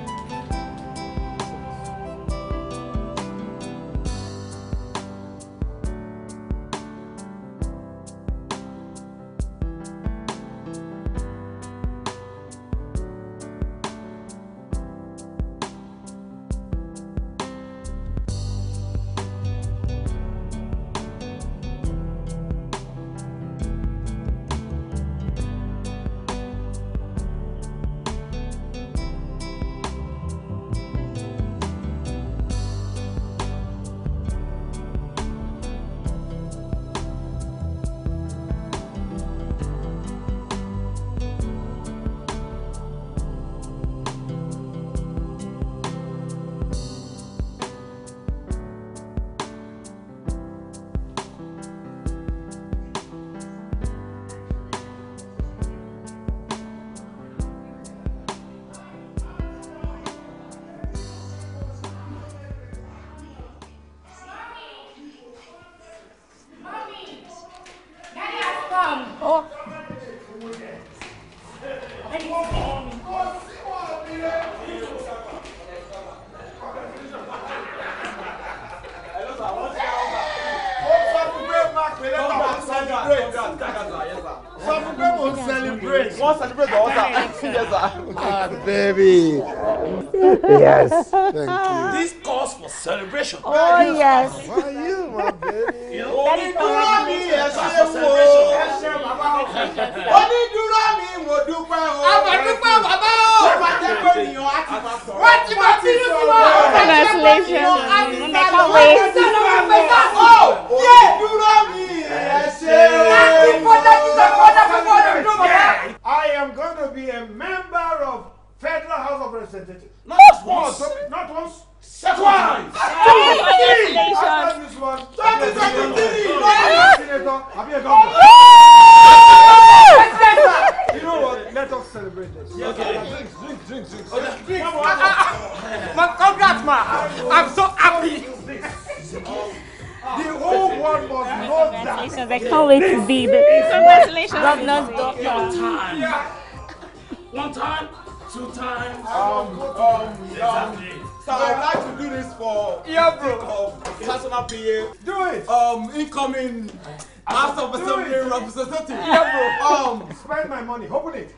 guilty. Yeah, bro. Um, spend my money. Open it.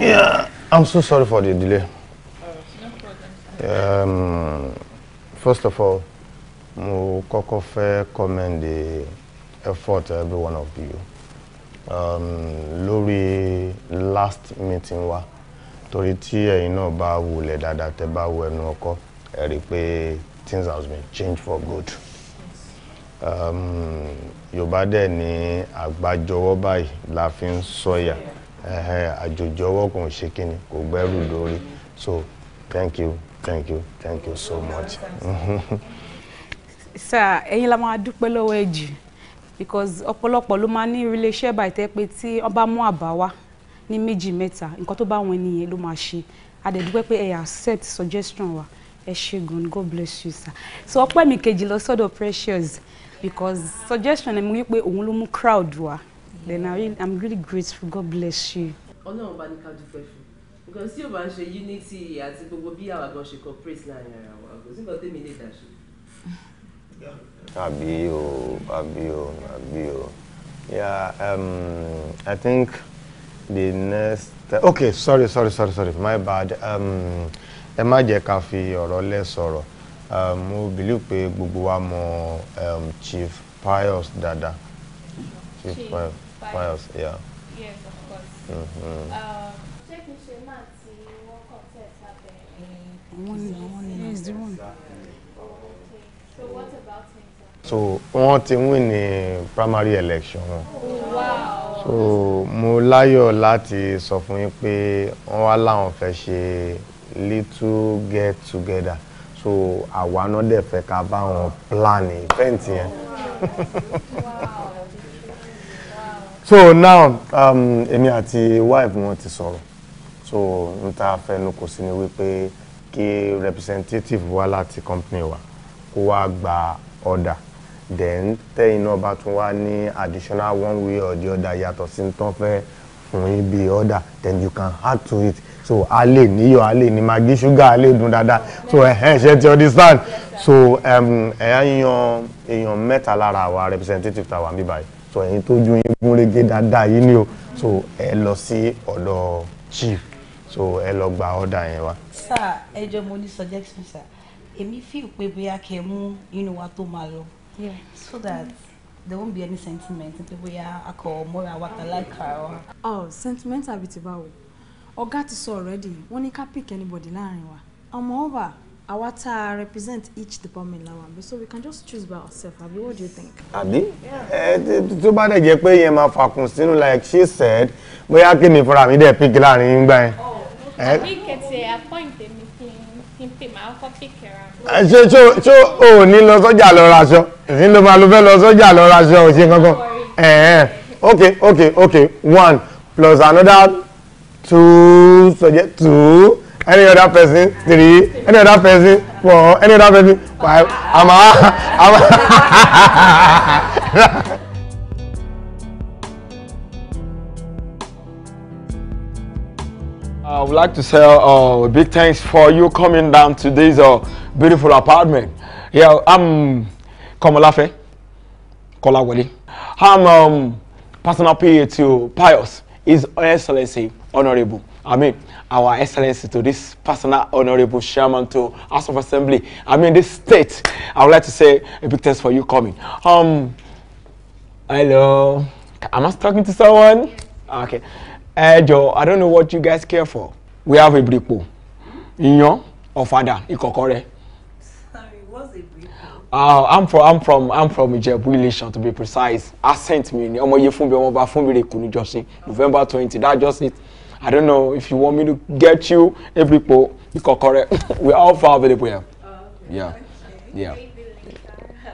Yeah, I'm so sorry for the delay. um, first of all, mo kọ́kọ́ fẹ́ commend the effort every one of you um, lórí last meeting wa torí tí ẹ̀yin náà bá wulẹ̀ dáadáa tẹ́ bá wo ẹnu ọkọ ẹ rí i things has been changed for good um, Yorùbá dẹ̀ ní àgbájọwọ́ báyìí la fi ń sọ̀yà. Yeah. àjòjì ọwọ́ kan ò ṣe kíni kò gbẹ́rù lórí so thank you thank you thank you so much. sir ẹ̀yin la máa dúpẹ́ lọ́wọ́ jù because ọ̀pọ̀lọpọ̀ ló máa ní iléeṣẹ́ pé tí wọ́n bá mú àbá wá ní méjì mẹ́ta nǹkan tó bá wọn nìyẹn ló máa ṣe pé accept suggestion wa ẹ ṣe gan god bless you sir so ọpẹ́ mi kejì lọ sọ́dọ̀ precious because suggestion ẹ̀ mú wípé then I really, I'm really grateful God bless you. Ọlọ́run bá ní ká dúpẹ́ fún nǹkan tí yóò bá ń ṣe unity àti gbogbo bí àwa gan ṣe cooperate láàrin ara wa kò sí nǹkan tèmi lè dà ṣe. àbí o àbí o àbí o yeah um, I think the next okay sorry sorry sorry sorry my bad um, ẹ má jẹ́ ká fi ọ̀rọ̀ lẹ̀ sọ̀rọ̀ um, mo believe pé gbogbo wa mọ̀ um, Chief Pius dada. Chief Pius. Miles, yeah. Yes, of course. Mm-hmm. so wọ́n ti win ní primary election wọn. Oh, wow. so mo láyọ̀ láti sọ fún yín pé wọ́n wá láwọn fẹ́ ṣe little get together so àwa náà dẹ̀ fẹ́ ká bá wọn plan event yẹn. Oh, wow so now um, èmi um, àti wife wọn ti sọ̀rọ̀ so n ta fẹnu kò sí ni wípé kí representative wá láti company wa kó wá gba order then tẹ́yìn náà bá tún wá ní additional one way or the other yàtọ̀ sí tán fẹ́ fún yín bí order then you can add to it so a lè níyọ̀ a lè ní magi sugar a lè dùn dáadáa so ẹ̀hẹ́n ṣe ti understand so um, ẹ̀yà yan èèyàn mẹ́ta lára àwa representative tàwa níbàyìí so ẹ̀yin tó ju yín gúnrégé dáadáa yìí ni o so ẹ lọ sí ọ̀dọ̀ chief so ẹ lọ gba ọ̀dà yẹn wá. sir ẹ jọ mo ní suggestion sir èmi fi pé bóyá kẹ́ mú inú wa tó máa lọ so that there won't be any sentiment pé bóyá akọ mọ́ra wa kà láìka ọ. oh sentimental bíi ti báwo ọ̀gá ti sọ already wọ́n ní ká pick anybody láàrin wa ọmọ ọba. Our tá represent each department la wà so we can just choose by ourselves Abi, what do you think. Abi, ẹ tó bá dẹ̀ jẹ́ pé yẹn máa fàkùn sínú like she said bóyá kémi fúnra mi dẹ̀ pick láàrin yín gbà yẹn. àbí oh, eh? kẹ̀tẹ̀ appoint èmi kí n pè máa kọ́ pick ẹ̀ra. Eh, ṣé ṣó ṣó o ní lọ sọ́jà lọ raṣọ èyí ló máa lo fẹ́ lọ sọ́jà lọ raṣọ ò ṣe kankan. Eh, okay okay okay one plus another two so yeah, two any other person three any other person four any other person five I'm a. I would like to say uh, big thanks for you coming down to this uh, beautiful apartment. Yeah, I'm Komolafe Kolawole. I'm um, personal PA to Pius, His Excellency Honorable. I mean, our excellency to this personal honorable chairman to House of Assembly. I mean this state. I would like to say a big thanks for you coming. Um, hello. Am I talking to someone? Okay. Ẹ jọ̀ọ́, I don't know what you guys care for. We have a bripo. Iyán, ọ̀fadà, ìkọ̀kọ̀rẹ́. Sorry, what's Uh, I'm from I'm from I'm from Ijebu Ileshan to be precise. I Accent mi ni ọmọ Yefunbi ọmọ Bafunbire Kunijosin November twenty. That's just it. I don't know if you want me to get you every people, you can correct. We're all far available here. Yeah. Yeah.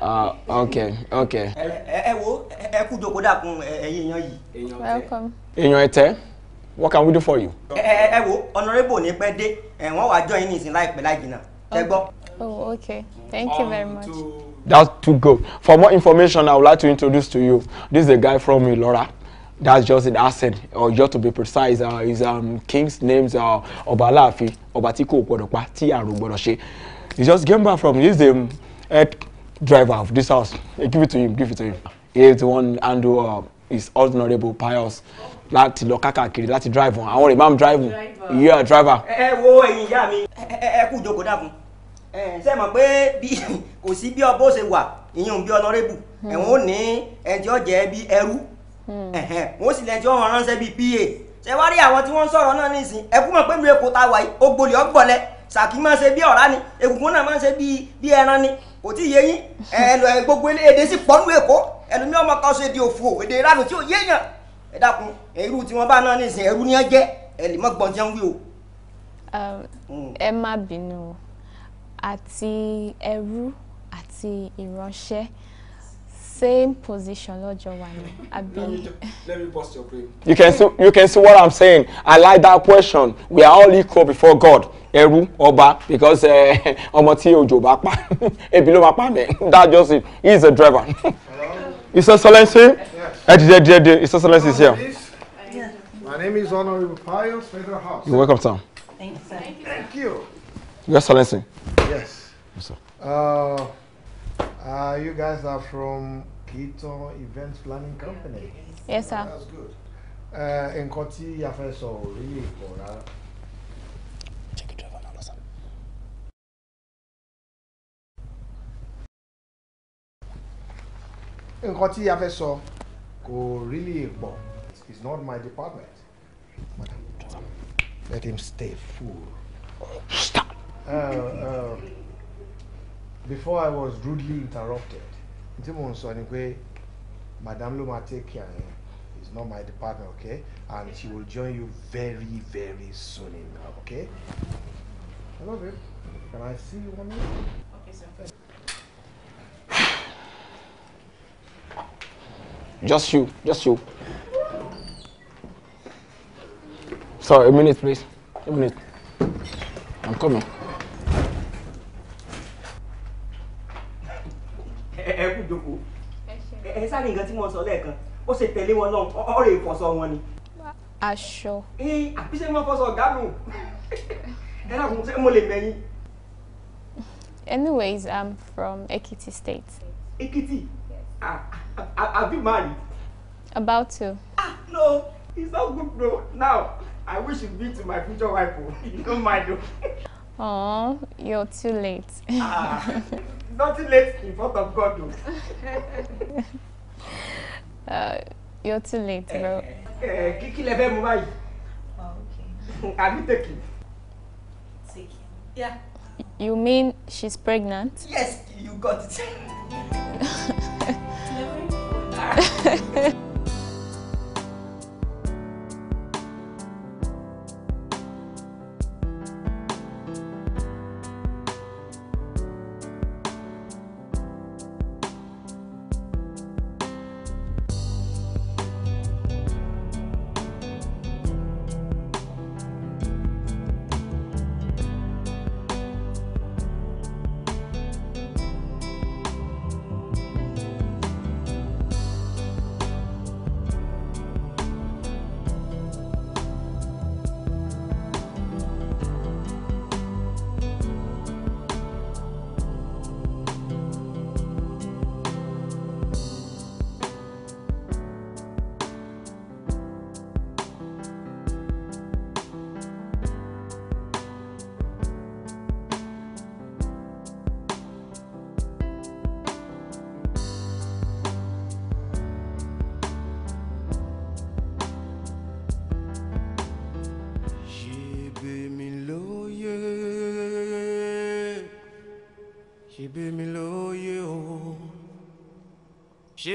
Ah, okay, okay. Ẹ wo ẹ kú Welcome. Èèyàn what can we do for you? Ẹ ẹ wo honourable ní pẹ́ dé, wọ́n wàá join nísìnyí Oh, okay. Thank you very much. That's too good. For more information, I would like to introduce to you. This is a guy from Laura that's just an asset, or just to be precise uh, his um, king's names are ọba aláàfin ọba tí kò gbọdọ̀ he just came back from he's the um, head driver of this house hey, give it to him give it to him he is the one handle uh, his honourable pious láti lọ kákàkiri láti drive on àwọn imam drive on iye driver. ẹ wo ẹ̀yin ìyá mi ẹ kú ìjókòó dàbùn ṣe mọ̀ pé kò sí bí ọbọ̀ ṣe wà ìyẹn ò bí honourable hmm. ẹ̀wọ̀n ò ní ẹjọ́ jẹ́ bí ẹrú. Hmm. wọ́n sì lẹ́ni tí wọ́n ránṣẹ́ bíi pa ṣe wá rí àwọn tí wọ́n sọ̀rọ̀ náà nísìn ẹkú mọ̀ pé mi èkó ta wà yìí ògbòlì sàkí máa ṣe bí ọ̀rá ni èkùnkùn náà máa ṣe bí ẹran ni kò tí yé yín ẹlò gbogbo èdè sì pọ̀ nù èkó ẹlòmí ọmọ kan ṣe di òfò èdè ìranù tí ò yéèyàn ẹ dákun ẹrú tí wọ́n bá náà nísìn ẹrú ni ẹ jẹ́ ẹ lè mọ́ gbọ́n jẹun wí o. Um, hmm. ẹ má bínú àti ẹrú àti ìránṣẹ́ same position lọ́jọ́ wa ni abi. let me let me burst your brain. you can see you can see what i'm saying i like that question we are all equal before god Eru Oba, because eh, ọmọ tí Ojo bá pa ebi ló ma pa mẹ that just it he is a driver. his excellency ẹ dìde dìde dìde his excellency is here. my name is honourable pius Federal House. you welcome sir. thank you sir. thank you. your excellency. yes. yes sir. Uh, Uh, you guys are from Keto Event Planning Company. Yes, sir. That's good. Uh, nǹkan tí a so really ò Check ìpọ̀ rárá. Nǹkan tí a fẹ́ sọ kò rí ìpọ̀. It's not my department. Let him stay full. Stop. Uh, uh, before I was rudely interrupted tí mò ń sọ ni pé madam ló máa take care yẹn it's not my department okay and she will join you very very soon enough okay hello babe can I see you one minute. okay sir. Just you, just you. Sorry, a minute, please. A minute. I'm coming. ẹ kú jókòó ẹ sáré nǹkan tí mo sọ lẹ́ẹ̀kan ó ṣe tẹ̀lé wọn lọ́hùn ọ̀rẹ́ ìfọ̀sọ wọn ni. aṣọ. ee àbíṣe máa fọṣọ ọ̀gá ẹ dàkún ṣé mo lè mẹ́yìn. anyways i'm from Ekiti State. Ekiti Ah, have you married. about to. ah no it's not good no now i wish it be to my future wife o oh. you don't mind o. Oh. aw you're too late. ah. nothing late in front of God o. uh, you're too late bro. Eh, eh, Kiki Oh, okay. Are mu taking? Taking. Yeah. You mean she's pregnant? Yes, you got it.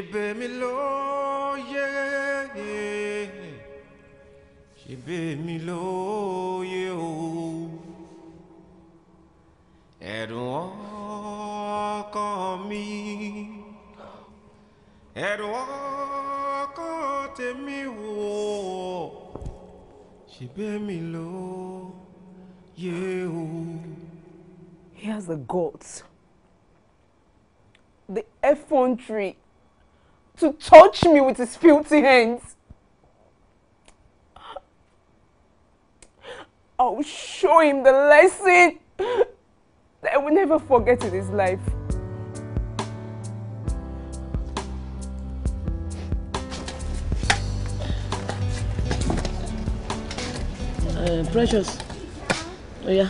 حبيب من touch me with his filthy hands. I'll show him the lesson that I will never forget in his life. Uh, precious. Oh, yeah.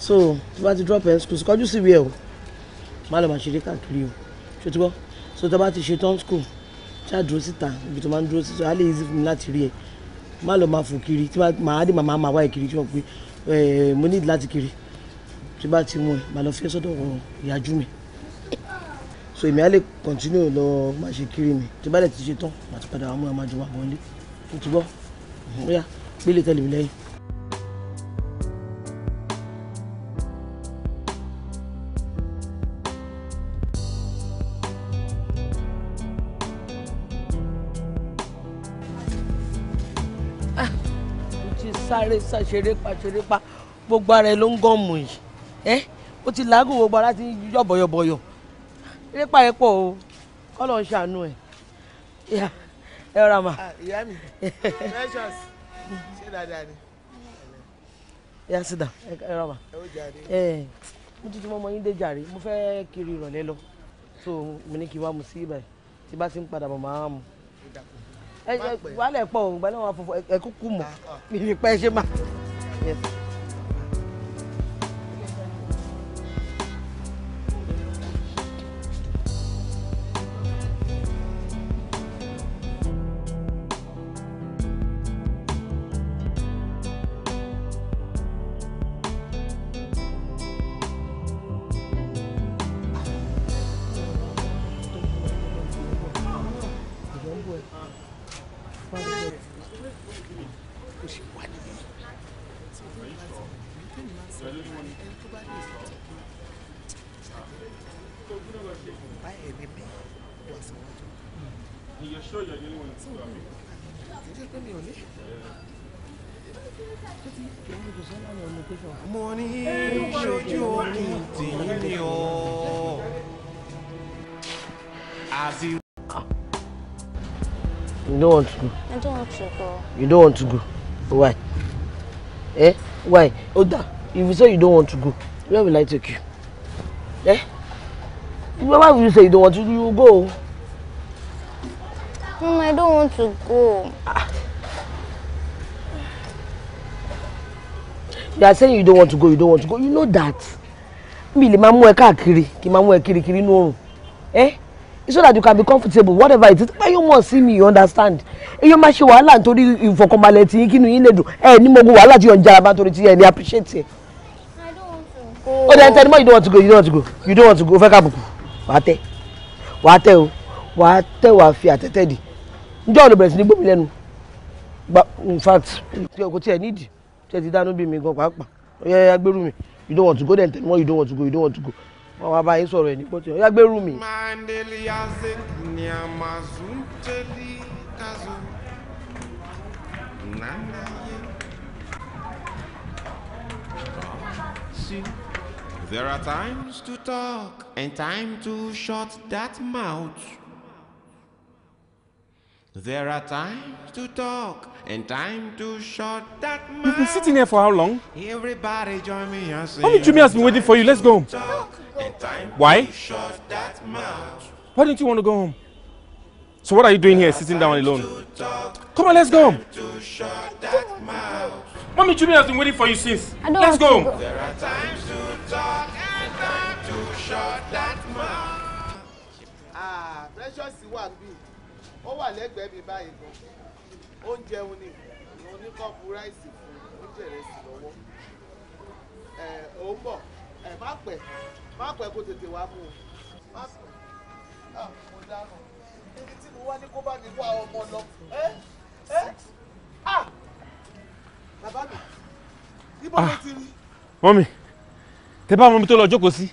So, tí bá ti drop ẹ̀ school, kọjú sí ìwé ẹ̀ o. Má lọ màá ṣeré So, tí a bá ti ṣe school ṣáà dúró síta ibi tó máa ń dúró síta á lè easy fún mi láti rí ẹ má lọ máa fò kiri tí màá dé màmá máa wá ẹ kiri tí wọn pé mo ní láti kiri tí bá ti mú ẹ màá lọ fi ẹ sọ́dọ̀ ìyájú mi so èmi á lè continue lọ máa ṣe kiri mi tí bá lè ti ṣe tán màá ti padà wá mú ẹ máa jọ wà bọ́ńlé ó ti gbọ́ ó pélé tẹ̀lé mi lẹ́yìn. sáré sá ṣeré pa gbogbo ara ẹ ló ń gọ́ọ̀mù yìí ẹ ó ti làágùn gbogbo ara ti yọ̀bọ̀yọ̀bọ̀yọ̀ eré ẹ pọ̀ o kọ́ ló ń ṣàánú ẹ̀ ẹ rà mà. Ah, ìyá mi precious ṣé dáadáa ni. ìyá sídà ẹ rà mà. ẹ mo tuntun mọ́ ọmọ yín dé jàre mo fẹ́ kiri ìrọ̀lẹ́ lọ so mo ní kí n wá mu sí ibà tí bá ti ń padà bọ̀ máa mu wàhálà ẹ̀ pọ̀ òun gbalẹ̀ wọn fọfọ ẹ̀ kúkú mọ̀ ìrìpẹ́ ah, ah. ṣe máa. Ah, don't want to go why eh why oda oh, if you say you don't want to go where will I take you eh why will you say you don't want to you go. Mom, I don't want to go. Ah. You are saying you don't want to go, you don't want to go. You know that. Me, the máa mú ẹ káàkiri, kí máa mú ẹ kirikiri nú Eh? so that you can be comfortable whatever it is But you must see me. you understand èyàn máa ṣe wàhálà nítorí ìfọkànbalẹ̀ tí kínú yín lè dùn ẹ ní mo gbọ́ wàhálà tí yóò ń jára bá nítorí tí ẹ ní appreciate ẹ. ó dẹ̀ tẹ́lẹ̀ mọ́ you don't want to go you don't want to go you don't want to go o fẹ́ kábùkù wàá tẹ́ wàá tẹ́ o wàá tẹ́ wàá fi àtẹ́tẹ́ dì njọ́ ló bẹ̀rẹ̀ sí ní gbómi lẹ́nu in fact kò tiẹ̀ nídìí tí ẹ ti dánú bí mi gan pàápàá ó yẹ agbérù mi you don't want to go dẹ̀ tẹ́lẹ̀ mọ́ you don't want to go you don't want to go wọn wá báyìí sọ̀rọ̀ ẹ̀ ní pọ́tù yẹn gbẹ́rù mi. There are times to talk and time to shut that mouth. There are times to talk In time to shut that mouth. You've been sitting here for how long? Everybody join me and say. Mommy Jimmy has been waiting for you. Let's go home. Talk. time Why? Shut that mouth. Why don't you want to go home? So what are you doing here, sitting down alone? Come on, let's go home. Mommy Jimmy has been waiting for you since. I don't let's go home. There are times to talk and time to shut that mouth. Ah, precious wà bí ó wà lẹ́gbẹ̀ẹ́ mi báyìí gan oúnjẹ òun ni òun ní kọ́ọ̀pù ráìsì fún oúnjẹ rẹ̀ sí lọ́wọ́ ẹ òun bọ̀ ẹ má pẹ́ má pẹ́ kó tètè wá mú un má pẹ́ ah mo dáná ibi tí mo wá ní kó bá mi wá ọmọ lọ ẹ ẹ ah bàbá mi ibo ló ah, ti rí. mọ́mí tẹ bá ọmọ mi tó lọ jókòó sí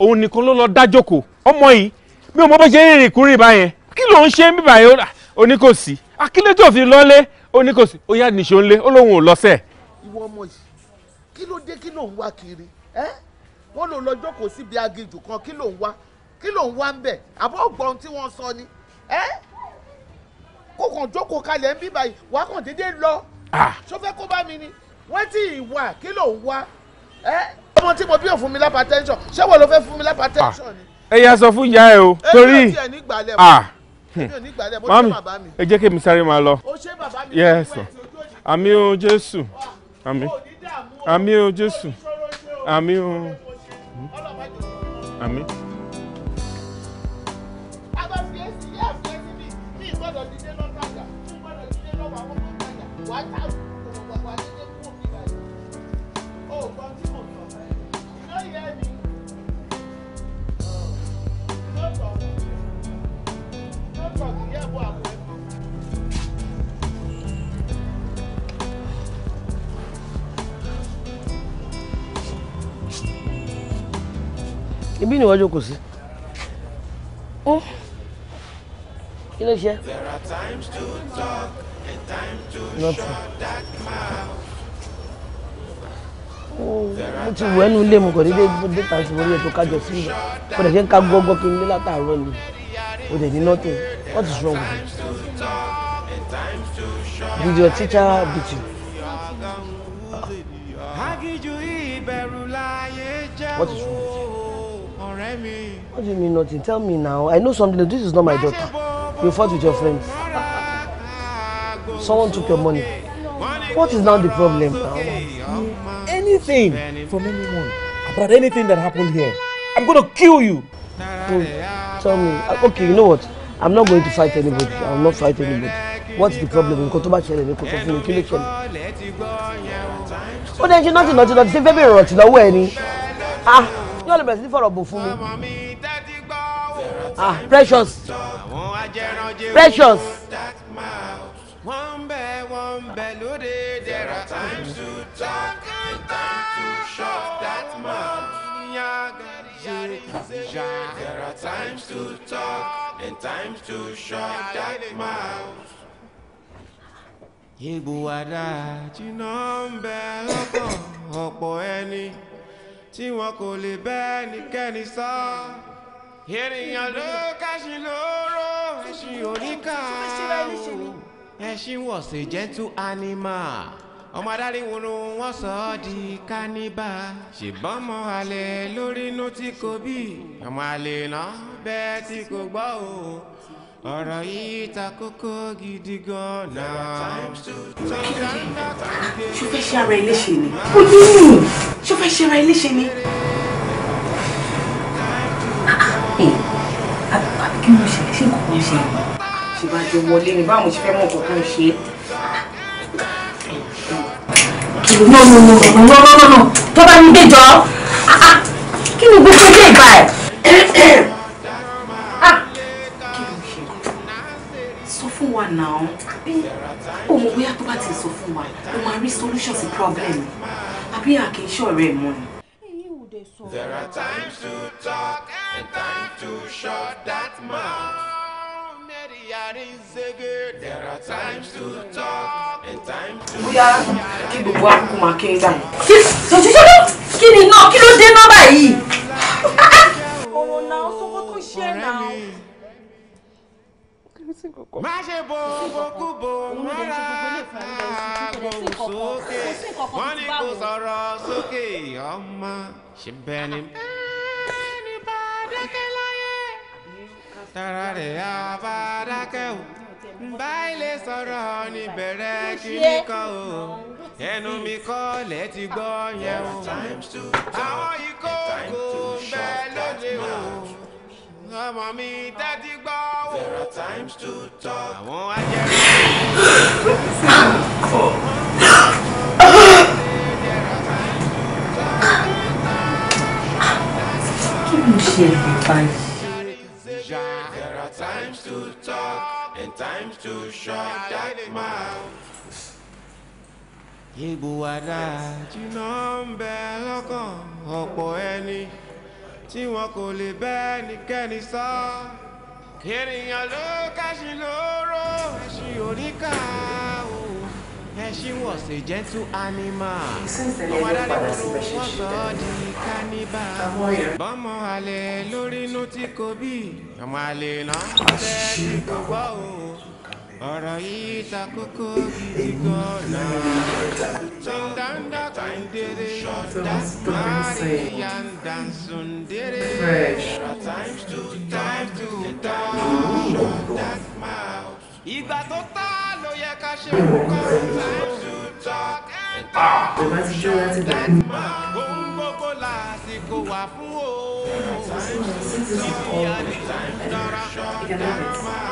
òun nìkan ló lọ dá jókòó ọmọ yìí mi ò mọ bó ṣe ń rìnrìn kúrìn báyẹn kí ló ń ṣe ń bíbáyé ó rà oníkòsí akílẹ́jọ́ fi lọ́lé oníkòsí ó yá nìṣó ńlé ó lóun ò lọ́sẹ̀. ìwọ ọmọ yìí kí ló dé kí ló ń wá kiri ẹ wọn lò lọ jókòó síbi aginjù kan kí ló ń wá kí ló ń wá ń bẹ àbọ̀ ọgbọ́n tí wọ́n sọ ni ẹ kó kàn jókòó kalẹ̀ ń bí báyìí wàá kàn déédéé lọ ṣọfẹ́ kó bá mi ni wọ́n ti wà kí ló ń wá ẹ ọmọ tí mo bí ò mi lápá tẹ́ńṣọ̀n ṣé wọ́n ló fẹ́ fún mi lápá tẹ́ńṣọ̀n ni. ẹ yà sọ fún ìyá ẹ o torí ẹ ní ìgbàlẹ̀ mọ́. Hmm. mami ẹ jẹ́ kí mi sáré máa lọ yes àmì o jésù àmì àmì o jésù àmì o hmm. àmì. What? ibi ni wọ́n jókòó sí. kí ló ṣe. mo ti wọ ẹnu ilé mu kò dédé dé tàbí ìwọlé tó kájọ sí ibà kò dẹ̀ ṣe ń ka gọ́gọ́ kí n lé látàárọ̀ ni o dẹ̀ ní nothing what is wrong with you did your teacher beat you. Ah. what is wrong me. What do you mean nothing? Tell me now. I know something. This is not my daughter. You fought with your friends. Someone took your money. What is now the problem now? Anything from anyone about anything that happened here. I'm gonna kill you. Oh, tell me. Ah, okay, you know what? I'm not going to fight anybody. I not fight anybody. What's the problem? Nǹkan tó bá ṣẹlẹ̀ ní kò tó fún mi kí ló ṣẹlẹ̀. Ó dẹ́jú nọ́ọ̀tì nọ́ọ̀tì nọ́ọ̀tì ṣé bẹ́ẹ̀ bẹ̀rẹ̀ ọ̀tì lọ́wọ́ ẹ ni. Ah yóò lè bẹ̀rẹ̀ sí fọ̀rọ̀ bò fún mi. ah precious precious. One bell, one bell, lóde, there are times to talk and times to shut that mouth. There are times to talk and times to shut that mouth. Egbò wàdà jìnnà ń bẹ lọ́pọ̀ ọ̀pọ̀ ẹni tí wọn kò lè bẹ́ẹ̀ nìkẹ́ni sọ. ènìyàn ló kẹ́sìn lóró ẹṣin oníkà ẹṣin wọ̀ ṣe gentle animal ọmọ adarí wọnú wọn sọ ọ di káníbà ṣùgbọ́n ọmọ àlè lórí inú tí kò bí ọmọ àlè náà bẹ́ẹ̀ tí kò gbọ́ o ọ̀rọ̀ yìí ta kókó gidi gan-an. ṣùgbọ́n ṣe ara ẹ léṣe ni. ó ní ṣó fẹ́ ṣe ra ilé ah, ah, eh, ah, ṣe ni. àbí kí wọ́n ṣẹlẹ̀ ṣé nǹkan kan ṣe ni. ṣèbàjẹ́ wọlé ni báwo ṣe fẹ́ mọ̀ nǹkan kan ṣe. no no no no no no no tó bá ní gbẹjọ kí ni gbogbo ilé ìgbà ẹ. sọ fún wa náà bí eh, òun bóyá tó bá ti sọ fún wa ó máa rí solution sí problem àbí àkínṣọ́ rẹ̀ mọ́ ni. There are times to talk and times to shut that mouth. There are times to talk and times to. Bóyá kí gbogbo akókò máa kéré báyìí. Kí ló kí ni náà kí ló dé náà báyìí? Ọ̀rọ̀ náà sọ́kọ́ tó ṣe náà sí kankan. má ṣe tara rẹ̀ á bá dákẹ́ o báyìí sọ̀rọ̀ ní bẹ̀rẹ̀ kíní kan o ẹnu mi kọ́ lẹ́ ti gbọ́ yẹn o àwọn ikọ̀ kò ń lóde o ọmọ mi tẹ́tí gbọ́ there are times to talk. àwọn ajẹ́rìí. kí ló ṣe lè báyìí. there are times to talk and times to shut that mouth. Yegbo Jìnnà ń bẹ lọ́kàn ọ̀pọ̀ ẹni tí wọn kò lè bẹ́ẹ̀ nìkẹ́ni sọ. ènìyàn ló kẹ́sìn lóró ẹṣin oníkà o ẹṣin wọ̀ ṣe gentle animal. ọmọ adáde kúrò wọ́n sọ ọ́ di káníbà. bọ́mọ àlè lórí inú tí kò bí ọmọ àlè náà ń tẹ́ o ọ̀rọ̀ yìí ta kókó gidi gan-an. Sundanda kandere, Marian dan sundere. Times two, times two, times two, that's my house. Ìgbà tó tá ló yẹ ká ṣe kókó. Times two, talk and ah, talk. That's my house. Ohun gbogbo lásìkò wà fún o. Ìyá ni times dára, dára máa.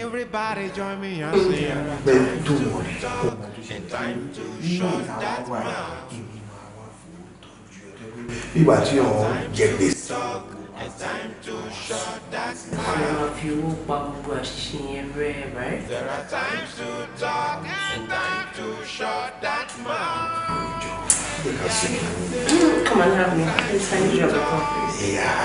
Everybody join me and sing. Pẹ̀lú tó wọ̀ ní ọmọ tó ṣe dá nínú ìlànà wà ìbí máa wá fún ìtọ́jú ẹ̀rẹ́. Ìgbà tí ọ̀hún jẹ gbèsè. Àwọn Come on, have me. Let's find you at the Yeah.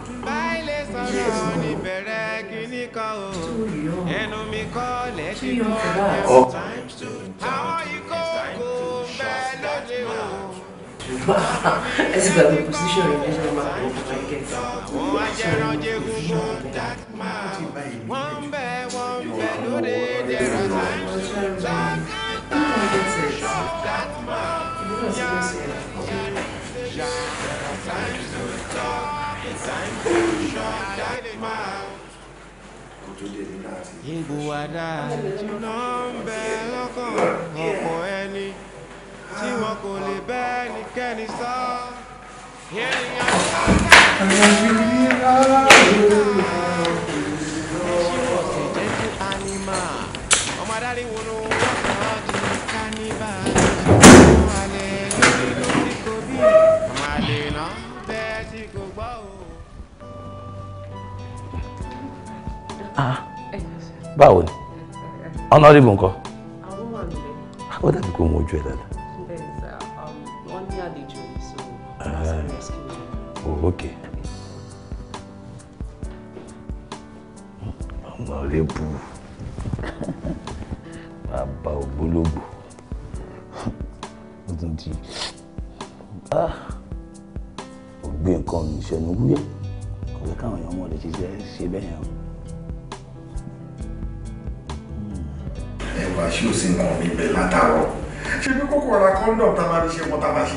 Oh. Ẹ ti gbàgbé position rẹ̀ ní ṣẹlẹ̀ máa kọ́ ọ̀pọ̀ ẹ̀kẹ́. Wọ́n jẹ́ ránjẹ́ gbogbo dàgbà. Wọ́n bẹ̀ wọ́n bẹ̀ lóde dẹ̀rọ̀ dàgbà. Dàgbà ìbùwàdà nọ́ńbẹ́ lọ́kàn ọ̀pọ̀ ẹni tí wọn kò lè bẹ́ẹ̀ nìkẹ́ni sọ. ènìyàn ló ń bá ká ní ìlú. Ah. báwo ni eh. honourable nǹkan ah, ó dàbí kó mú ojú ẹ dáadáa. ok. honourable bàbá ògbólógbò ó tún di ah. ó gbé nǹkan ìṣẹ́nu wúyẹ́ kò yẹ káwọn èèyàn mọ̀ lè ṣiṣẹ́ ṣe bẹ́ẹ̀ yẹn o. bá ṣí òsì nǹkan mi bẹ̀ látàárọ̀ ṣe bí kókó ra kọ́ńdọ̀m tá a máa fi ṣe wọn tá a máa ṣe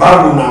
báwo na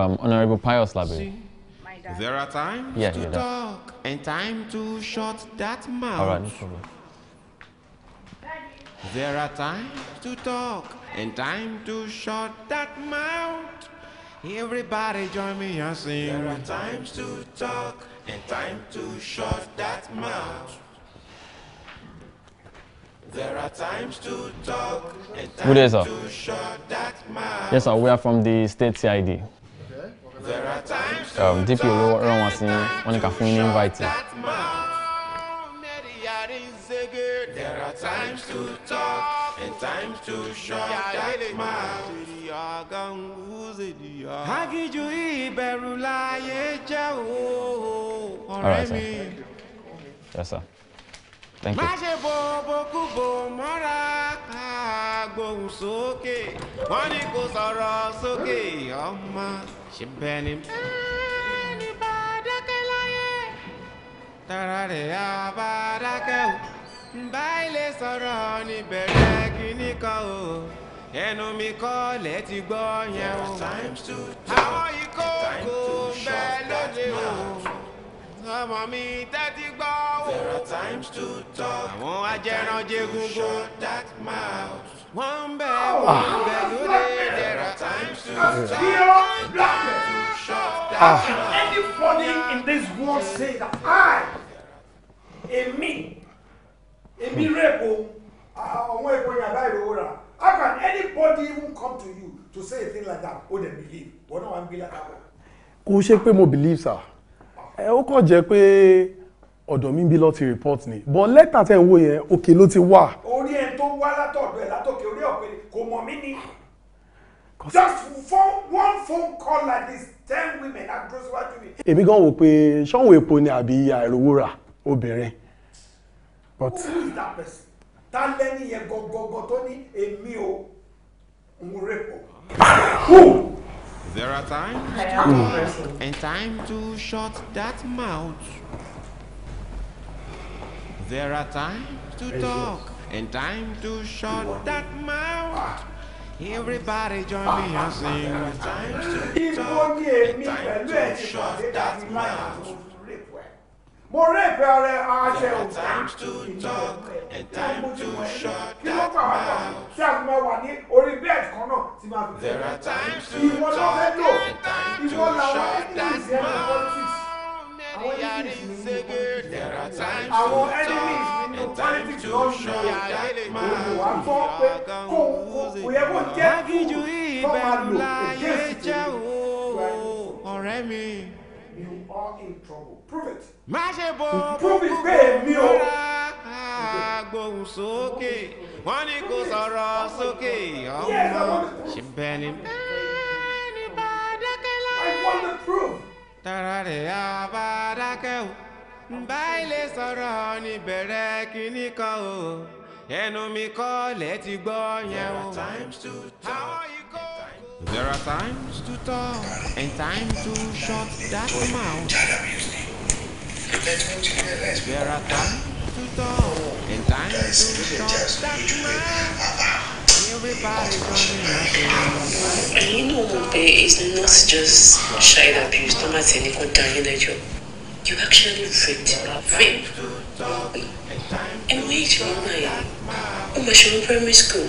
um, Honorable Pius Labi. There are times yeah, to talk dad. and time to shut that mouth. All right, no problem. There are times to talk and time to shut that mouth. Everybody join me and sing. There are times to talk and time to shut that mouth. There are times to talk and time Good day, sir. to shut that mouth. Yes, sir. We are from the state CID. um, DP ló rán wọn sí wọn ní ká fún yín ní invite. There ìbẹ̀rù láyé jẹ́ o, ọ̀rẹ́ mi. Yes, sir. Thank you. Má ṣe bo boku bo mọ́ra gbóhùn sókè. Wọ́n ní kò sọ̀rọ̀ sókè ọmọ ṣe bẹ́ẹ̀ tara rẹ̀ á o bá ilé sọ̀rọ̀ níbẹ̀rẹ̀ kìíní kan o ẹnu mi kọ́ lẹ́ ti gbọ́ yẹn o àwọn ìkókò ń bẹ lóde o ọmọ mi tẹ́tí gbọ́ o àwọn ajẹranjẹgungun wọ́n ń bẹ wọ́n ń bẹ lóde there are times to talk. Shut Anyone in this world say that I èmi èmi rèpo ọ̀wọ́n èpo yẹn àbá ìrówó rà how can anybody even come to you to say a thing like that o dey believe wọ́n náà wà ń bí ládàbọ̀. kò ṣe pé mo believe sir ẹ ó kàn jẹ́ pé ọ̀dọ̀ mi bí lọ́ọ́ ti report ni but lẹ́tà tẹ̀ ń wò yẹn òkè ló ti wà. orí ẹ̀ tó wá látọ̀dọ̀ ẹ̀ látòkè orí ọ̀pẹ kò mọ̀ mí ni. just for one phone call like this ten women agrosowájú mi. èmi gan wò pé ṣọ́hún èpo ni àbí àìrówó rà obìnrin but who is that person ta lẹ́ni yẹn gọ́gọ́gọ́ tó ní èmi ò ń rẹ́pọ̀. There are times to mm. and time to shut that mouth. There are times to talk and time to shut that mouth. Everybody join me and sing. Times to talk and time to shut that mouth mo rí ìfẹ́ ọrẹ aṣẹ òkú ìtàn mojú wọ̀ ẹ́ kí ló pa wá pàdé tí a fi máa wà ní orí bẹ́ẹ̀d kan náà tí máa fi fẹ́ ìwọ ló fẹ́ lò ìwọ làwọn enemies ẹ̀ ní politics àwọn enemies ní politics àwọn enemies ní ní politics lọ́nà pé kò yẹ kó jẹ́ kó tó máa lò èdè or in trouble. Prove it. prove it pé mi ò. Gbóhùn sókè, wọ́n ní kò sọ̀rọ̀ sókè, ọ̀hún I want the proof. Tara rẹ̀ á bá dákẹ́ o, bá ilé sọ̀rọ̀ ní There are times to tell. There are times to talk and times to shut that mouth. There are times to talk and times to shut that mouth. Everybody And you know, it's not just child abuse. Don't let anyone die in the job. You actually raped. Rape. And wait, remember, I'm a primary school.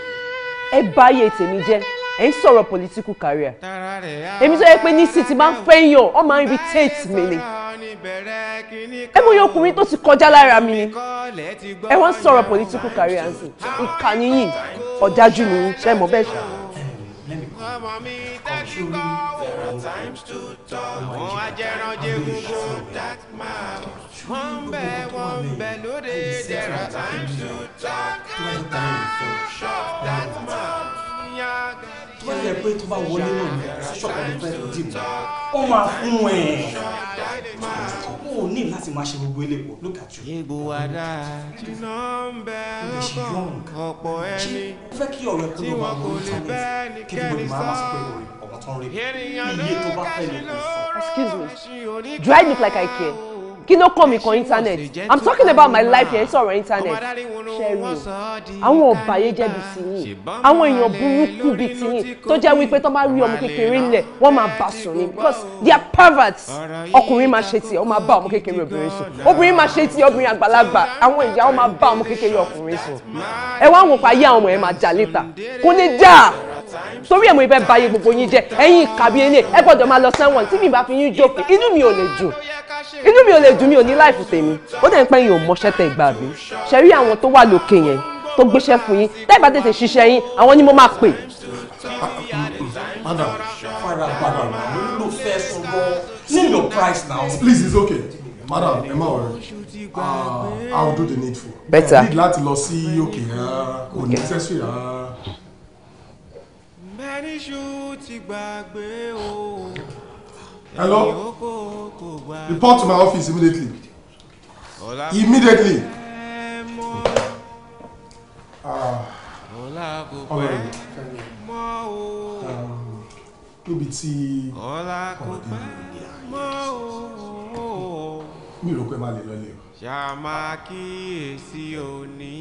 ẹ báyé tèmi jẹ́ ẹ ń sọ̀rọ̀ political career èmi tó yẹ pé ní city, ti máa ń fẹ́yàn ọ máa ń irritate mi ni ẹ mú iye ọkùnrin tó ti kọjá lára mi ni ẹ wọ́n ń sọ̀rọ̀ political career ǹsìn ìkànnì yìí ọ̀dájú nìyí ṣe é mọ̀ bẹ́ẹ̀ ṣáà ọmọ mi tẹ́tí kọ́ wọn á jẹran jẹgungun wọ́n ń bẹ wọ́n ń bẹ there are times to talk and time to shut that mouth tó bá yẹ pé tó bá wọlé náà ní ṣọ́ọ̀bù ló fẹ́ dìbò ó máa fún ẹ̀ ó ní láti máa ṣe gbogbo eléwo look at you. ìbò wà dáa iná ń bẹ lọ́kàn ọ̀pọ̀ ẹni fẹ́ kí ọ̀rọ̀ ẹ̀kọ́ ló máa wọlé tánẹ̀tì kí gbogbo máa máa sọ pé ọ̀rọ̀ ọ̀pọ̀ tán rèé iye tó bá fẹ́ lè kó sọ. excuse me do I look like I care? kí ló kàn mí kan internet i'm talking about my life here. It's all sọ̀rọ̀ internet ṣẹ́rí o àwọn ọ̀bàyéjẹ́ bíi ti yín àwọn èèyàn burúkú bíi ti yín tó jẹ́ wípé tó bá rí ọmọ kékeré lẹ̀ wọ́n máa bá sùn ni because they are perverts ọkùnrin máa ṣe tiẹ̀ ó máa bá ọmọ kékeré obìnrin sùn obìnrin máa ṣe tiẹ̀ obìnrin àgbàlagbà àwọn ìyá ó máa bá ọmọ kékeré ọkùnrin sùn ẹ wá wọn pa ayé àwọn ọmọ yẹn máa jà létà kò ní dáa torí ẹ̀ mo fẹ́ báyé gbogbo yín jẹ́ ẹ̀yin kàbí ilé ẹ gbọ́dọ̀ máa lọ sẹ́wọ̀n tí mi bá fi yín jókòó inú mi ò lè dùn inú mi ò lè dùn mi ò ní láìfù tèmi ó dẹ̀ ń pẹ́ yín ò mọṣẹ́ tẹ ìgbà mi ṣẹ̀rí àwọn tó wà lókè yẹn tó gbéṣẹ́ fún yín tẹ́ ìbá tètè ṣiṣẹ́ yín àwọn ni mo máa pè. madam fara padà ló fẹ́ sọ́gbọ́ see your price now please it's okay madam ẹ má wọrẹ i ah, will do the needful. better need láti lọ sí òkè rárá kò ẹniṣu ti gbàgbé o. hello report to my office immediately immediately. ọ̀rẹ́ níbi tí ọ̀rọ̀ dé mi rò pé má lè lọlé o. ṣàmà kíyèsí òní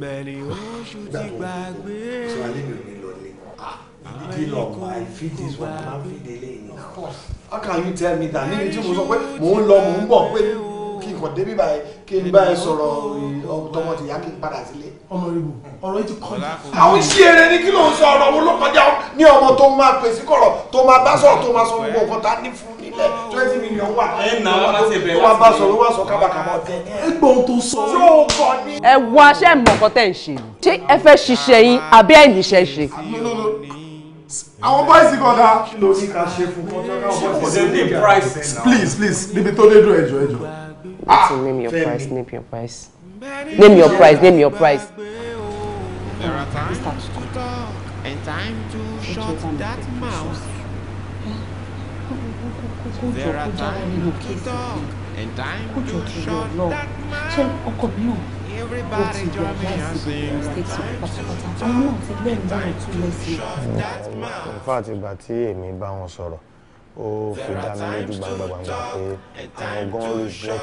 bẹ́ẹ̀ oṣù ti gbàgbé deal of my feed this one my ni how can you tell me that níbi tí mo sọ pé mò ń lọ mò ń bọ̀ pé kí nǹkan débi báyìí kí n báyìí sọ̀rọ̀ tọmọ tìyá kí n padà sílé. ọmọ ibo ọ̀rọ̀ yìí ti kọjá. àwọn iṣẹ́ eré ni kí ló ń sọ ọ̀rọ̀ wo ló kọjá ní ọmọ tó máa pè kọ̀rọ̀ tó máa bá sọ̀rọ̀ tó máa sọ gbogbo nǹkan tá a ní fún nílẹ̀ twenty million wà. ẹ nà wọn láti ẹbẹ sí i. wọn bá sọ ló sọ kábàkábà tẹ. ẹ gbọ́ tó sọ. yóò kọ ni. ẹ wọ aṣẹ́ mọ̀kọ́tẹ̀ ń ṣe ṣé ẹ fẹ́ ṣiṣẹ́ yín àbí ẹ̀ níṣẹ́ ṣe àwọn bọ́ìsì kan dá. kí ló ní ká ṣe fún kọjá káwọn bọ́ìsì kan dé price. please please níbi tó dé dùn ẹjọ ẹjọ. Ah! ah name your price name your price name your price name your price. There are times to talk and time to shut that mouth. There are times to talk and time to shut that mouth everybody join me and sing. àwọn náà ti gbé ìgbà ìtú lẹ́sìn. nǹkan àti ìgbà tí èmi bá wọn sọ̀rọ̀ ó fi dá mi lójú gbàgbàgbà pé àwọn gan rìsírẹ́tì kan tí wọ́n ṣe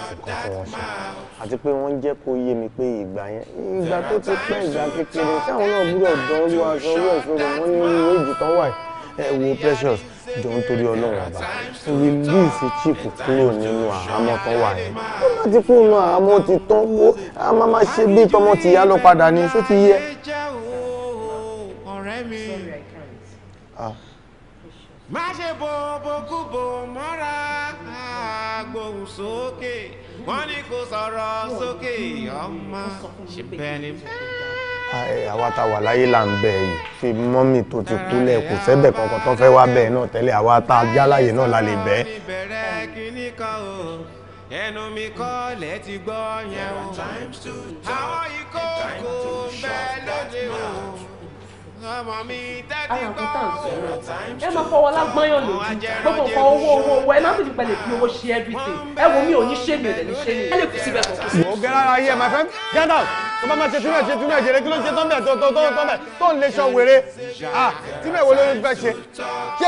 àti pé wọ́n jẹ́ kó yé mi pé ìgbà yẹn ìgbà tó ti pẹ́ ìgbà kékeré táwọn náà gbúdọ̀ dán olú aṣọ olú ẹ̀ṣọ́ rẹ̀ wọ́n ní ìwé ìjìtàn wà ẹ̀ wo precious jọ nítorí ọlọ́run àbá rìlíìsì chiefu kúrò nínú àhámọ́ tó wà yẹn ó má ti kúrò nínú àhámọ́ ti tán wo a má má ṣe bí tọmọ ti yá lọ padà ni ṣó ti yẹ. Ah. má ṣe bo bokúbo mọ́ra gbóhùn sókè wọ́n ní kó sọ̀rọ̀ sókè mm. ọmọ ṣe bẹ́ẹ̀ ni bẹ́ẹ̀ àwa tá wà láyé là ń bẹ̀ yìí fi mọ́mì tó ti kú lẹ̀ kò sẹ́bẹ̀ kankan tó fẹ́ wá bẹ́ẹ̀ náà tẹ́lẹ̀ àwa tá jáláyè náà la lè bẹ́ẹ̀. ẹnu mi kọ́ lẹ ti gbọ́ yẹn o àwọn ikọ̀ kò ń bẹ lóde o ara nǹkan tá à ń sọ̀rọ̀ ẹ máa fọwọ́ lágbọ́nyàn lòdì gbogbo nǹkan owó owó owó ẹ má fi dìgbà lè fi owó ṣe everything ẹ wo mi ò ní ṣe mi ò lè ní ṣe mi ẹ lè kù síbẹ̀ kò sí. mo gẹ́rẹ́ ara yẹ my friend get out tó bá máa ṣe túnbẹ̀ ṣe túnbẹ̀ jèrè kí ló ṣe tán bẹ̀ tó tó tó tó bẹ̀ tó ń lè ṣan wèrè ah tíbẹ̀ wo ló ń fẹ́ ṣe ṣé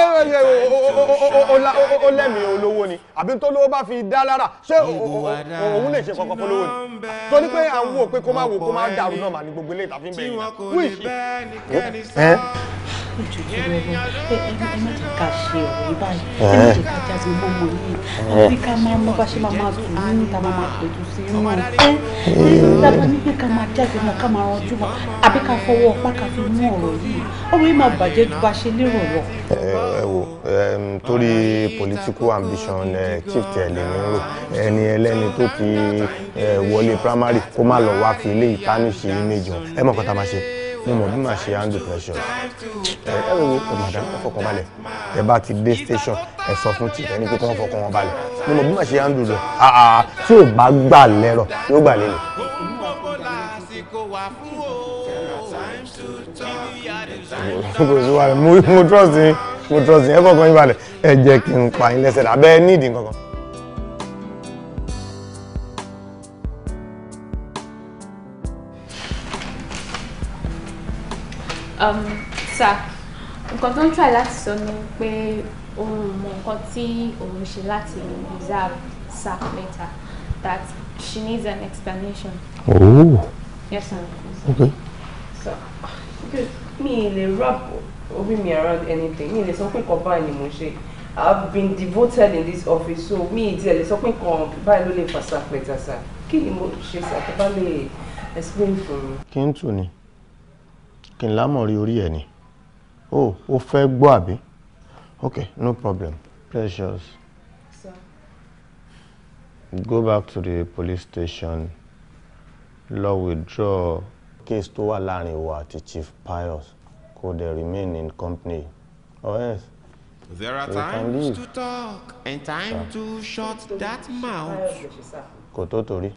o lẹ́mìí olówó ni àbí tó lówó bá fi dá lára ṣé òun lè ṣe kọ̀ọ̀kan fún lówó ni torí pé à ń wò pé kó má wò kó má dàrú náà mà ní gbogbo ilé ìtàfin bẹ̀rẹ̀ náà wíìsì àbí ká fọwọ́ ọpá ká fi mú ọ̀rọ̀ yìí ọ̀rọ̀ yìí máa bàjẹ́ ju bá ṣe lérò lọ. ẹ wo torí political ambition chief tẹ̀lé mi rò ẹni ẹlẹ́ni tó ti wọlé primary kó má lọ wá fi ilé ìtánìṣe méjì hàn ẹ mọ̀ kọ́ta máa ṣe mo mọ̀ bí màá ṣe handle pressure ẹ ẹ wo madam ẹ fọkàn balẹ̀ ẹ bá ti dé station ẹ sọ fún tì ẹni pé fọkàn wọn balẹ̀ mo mọ̀ bí màá ṣe handle rẹ̀ àà tí ò bá gbà lẹ́rọ̀ yóò gbà lélẹ̀. mo trust yín mo trust yín ẹ fọkàn yín balẹ̀ ẹ jẹ́ kí n pa yín lẹ́sẹ̀ lábẹ́ ẹ nídìí kankan. Um, sir nǹkan tó ń try láti sọ ni pé òun mọ nǹkan tí òun ṣe láti reserve sack letter that she needs an explanation. Oh. yes sir. okay. so good mi lè wrap orí mi around anything mi lè sọ pé nǹkan báyìí ni mo ṣe I've been devoted in this office so mi ìdí ẹ lè sọ pé nǹkan báyìí ló lè fa sack letter sir kí ni mo ṣe sir tó bá lè explain fún you? kí n tù ni kí n lámọ̀rí orí ẹ̀ ni o ò fẹ́ gbọ́ àbí ok no problem precious go back to the police station lọ withdraw case tó wà láàrin ìwọ àti Chief Pius kó dẹ̀ remain in company or oh, else. There are times to talk and time to shut that mouth. Kò tó torí.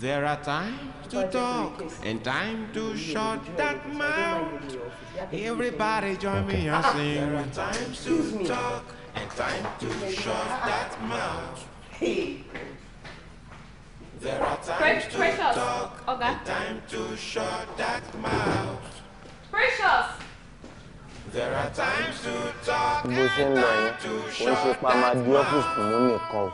There are times to talk and time to shut that mouth. Everybody join me and sing. There are times to talk and time to shut that mouth. There are times to talk and time to shut that mouth. Precious. There are times to talk and time to shut that mouth. bó ṣe máa ń wọ́n ṣe pa máa di ọ́fíìsì mú nìkan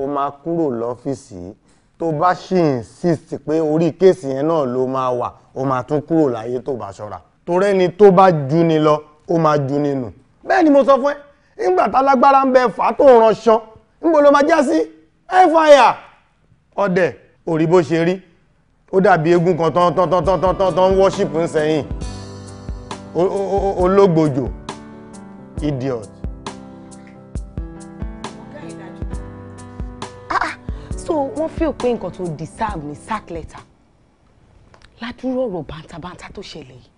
ó máa kúrò lọ́fíìsì yìí tó bá ṣì insist pé orí kéèsì yẹn náà ló máa wà ó máa tún kúrò láyé tó bá ṣọ́ra torí ẹni tó bá ju ni lọ ó máa ju ni nù bẹ́ẹ̀ ni mo sọ fún ẹ nígbà tálágbára ń bẹ fà á tó ránṣan níbo ló máa já sí fire ọdẹ òrí bó ṣe rí ó dàbí eégún kan tán tán tán tán tán tán worship ń sẹ́yìn ológbòjò idiot. so wọ́n feel pé nǹkan tó deserve ní sack letter ládùúrò ọ̀rọ̀ bàǹtàbàǹtà tó ṣẹlẹ̀ yìí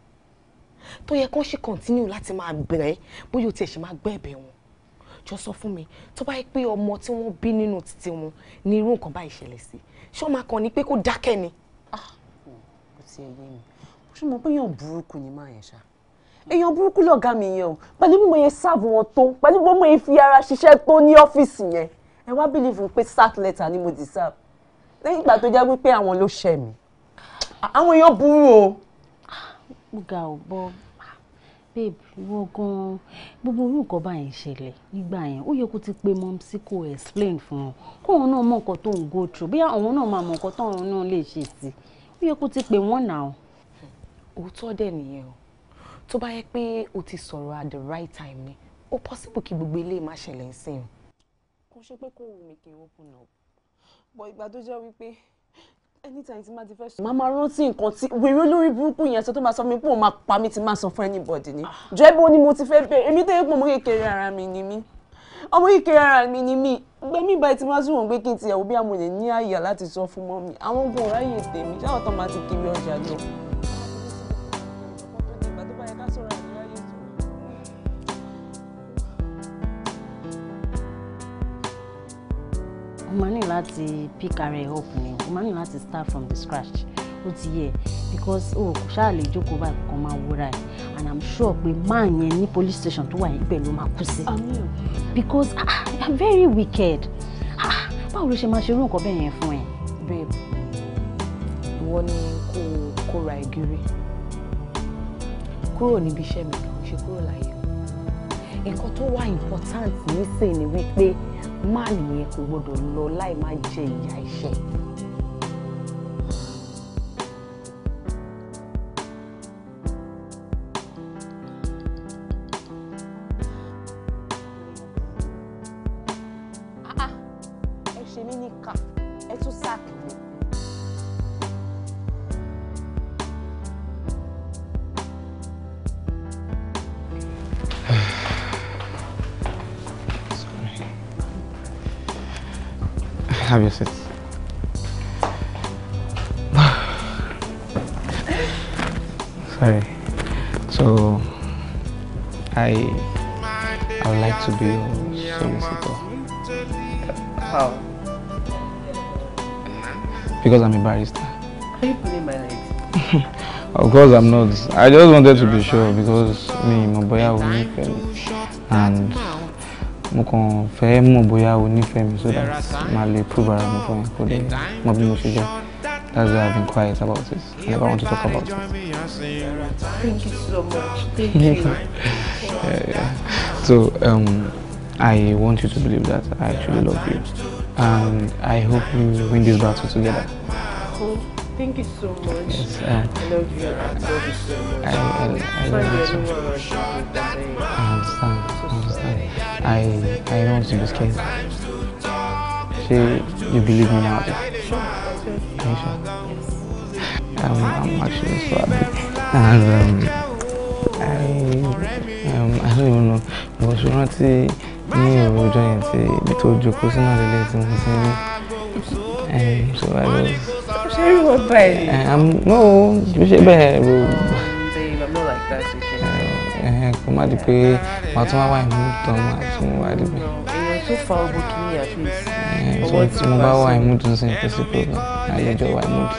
tó yẹ kán ṣe continue láti máa bẹ̀rẹ̀ bóyá o tiẹ̀ ṣe máa gbẹ́ ẹ̀bẹ̀ wọn jọ sọ fún mi tó bá yẹ pé ọmọ tí wọ́n bí nínú títí wọn ní irú nǹkan báyìí ṣẹlẹ̀ sí ṣé ọmọ kan ní pé kó dákẹ́ ni. Ah, kò tiẹ̀ yé mi mo ṣe mọ pé èèyàn burúkú ni máa yẹn ṣá èèyàn burúkú lọ̀gá mi yẹn o pẹ̀lú bí mo yẹ sáàbù wọn tó pẹ̀lú bí mo yẹ fi ara ṣiṣẹ́ tó ní ọ́fíìsì yẹn ẹ wá bìlìfù pé sack letter ni mo deserve lẹ́yìn ìgbà tó jẹ́ wípé àwọn ló ṣẹ̀ mí àwọn èèyàn burú o. mo ga ò bọ́ babe ìwọ gan-an gbogbo irú nǹkan báyìí ń ṣẹlẹ̀ nígbà yẹn ó yẹ kó ti pe mọ́mísí kó explain fún wọn kóun náà mọ nǹkan tó ń go through bí àwọn náà máa mọ nǹkan tóun náà lè ṣe sí ó yẹ kó ti pe wọ́n náà. òótọ́ dẹ̀ nìyẹn o tó bá yẹ pé o ti sọ̀rọ̀ at the right time ni ó possible kí gbogbo eléyìí má ṣẹlẹ̀ ń sìn ṣe pé kò wù mí kí n open up bọ̀ ìgbà tó jẹ́ wípé anytime tí má ti fẹ́ sọ. màmá rántí nǹkan tí wèrè olórí burúkú yẹn sọ tó máa sọ mi pé òun máa pa mí ti máa sọ fún anybody ni ah. jọ ibo ni mo ti fẹ́ bẹ̀rẹ̀ èmi tẹ́lẹ̀ pọ̀ mọ́ kékeré ara mi ni mí ọmọ kékeré ara mi ni mí gbẹ̀mí báyìí ti máa sùn wọ́n pé kí n ti ẹ̀wò bí amòye ní àyà láti sọ fún mọ́ mi àwọn ogun ọ̀rá yìí tèmi ṣáà ọ̀tọ̀ máa ti kiri ọjà lọ. láti pick ara ẹ̀ up ni o máa ní láti start from the scratch ó ti yẹ because o kò ṣáà lè jókòó báyìí kò kàn máa wúra ẹ̀ and i'm sure pé máa yẹn ní police station tó wà yìí pẹ̀lú máa kú sí because ah i'm very wicked ah báwo ló ṣe máa ṣe irú nǹkan bẹ́ẹ̀ yẹn fún ẹ. babe ìwọ ni kó kó ra ìgírí kúrò níbi iṣẹ́ mi kò ṣe kúrò láyé nǹkan tó wà important nísìnyí ni wípé máa nìyẹn kò gbọdọ̀ lọ láì má jẹ ìyà iṣẹ́ Because I'm not. I just wanted to be sure because mi mọ̀ bóyá will need mi and mo kàn my mọ̀ bóyá o nífẹ̀ẹ́ mi so that ma lè prove ara mi fún yín kó lè mọ̀ That's why I've been quiet about it. I never want to talk about it. Thank you so much. Thank you. yeah, yeah. So, um, I want you to believe that I actually love you. And I hope we win this battle together. Cool. Thank you so much. Yes, uh, I love you. I love you so much. I, I, I, eh? I understand. I understand. I, I don't want to be scared. Say you believe me now. Sure. Are you sure? Yes. Um, I'm actually so happy. And um, I, um, I don't even know. I was trying to ní ọjọ́ yẹn tí tó jókòó sínú àlejò tí mo ti ní. So I was ṣé irú wọn bá ẹ ni. Eh, no kò ṣe bẹ́ẹ̀ ro. kò eh, eh, má di Come màá tún wá wà ní ìtàn màá tún wá dìbẹ̀. èèyàn tó fa ogun kì í àti ọwọ́ tí mo bá wà ní ìmúdùn sí ìpèsè pé ayẹjọ́ wà ní ìmúdùn.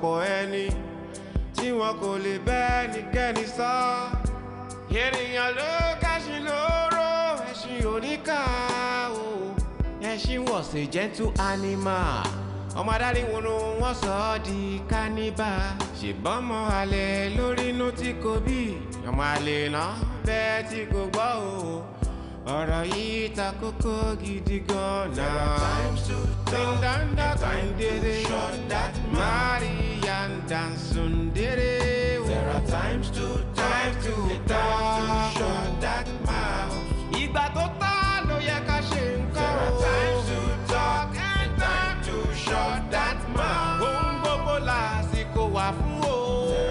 ọ̀pọ̀ ẹni tí wọn kò lè bẹ́ẹ̀ nìkẹ́ni sọ. ènìyàn ló kẹ́sìn lóró ẹṣin oníkà o ẹṣin was a gentle animal ọmọ adarí wọn ló wọ́n sọ ọ́ di káníbà ṣùgbọ́n ọmọ àlè lórí inú tí kò bí ọmọ àlè náà bẹ́ẹ̀ tí kò gbọ́ o. Kundere, Marian Dansundere. There are times to time to talk. There are times to talk and time to shut that mouth. There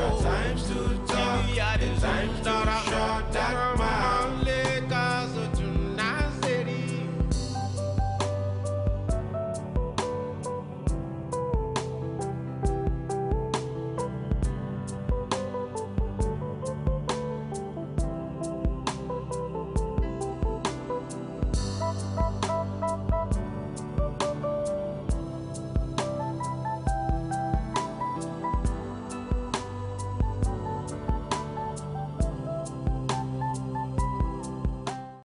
are times to talk and time to shut that mouth.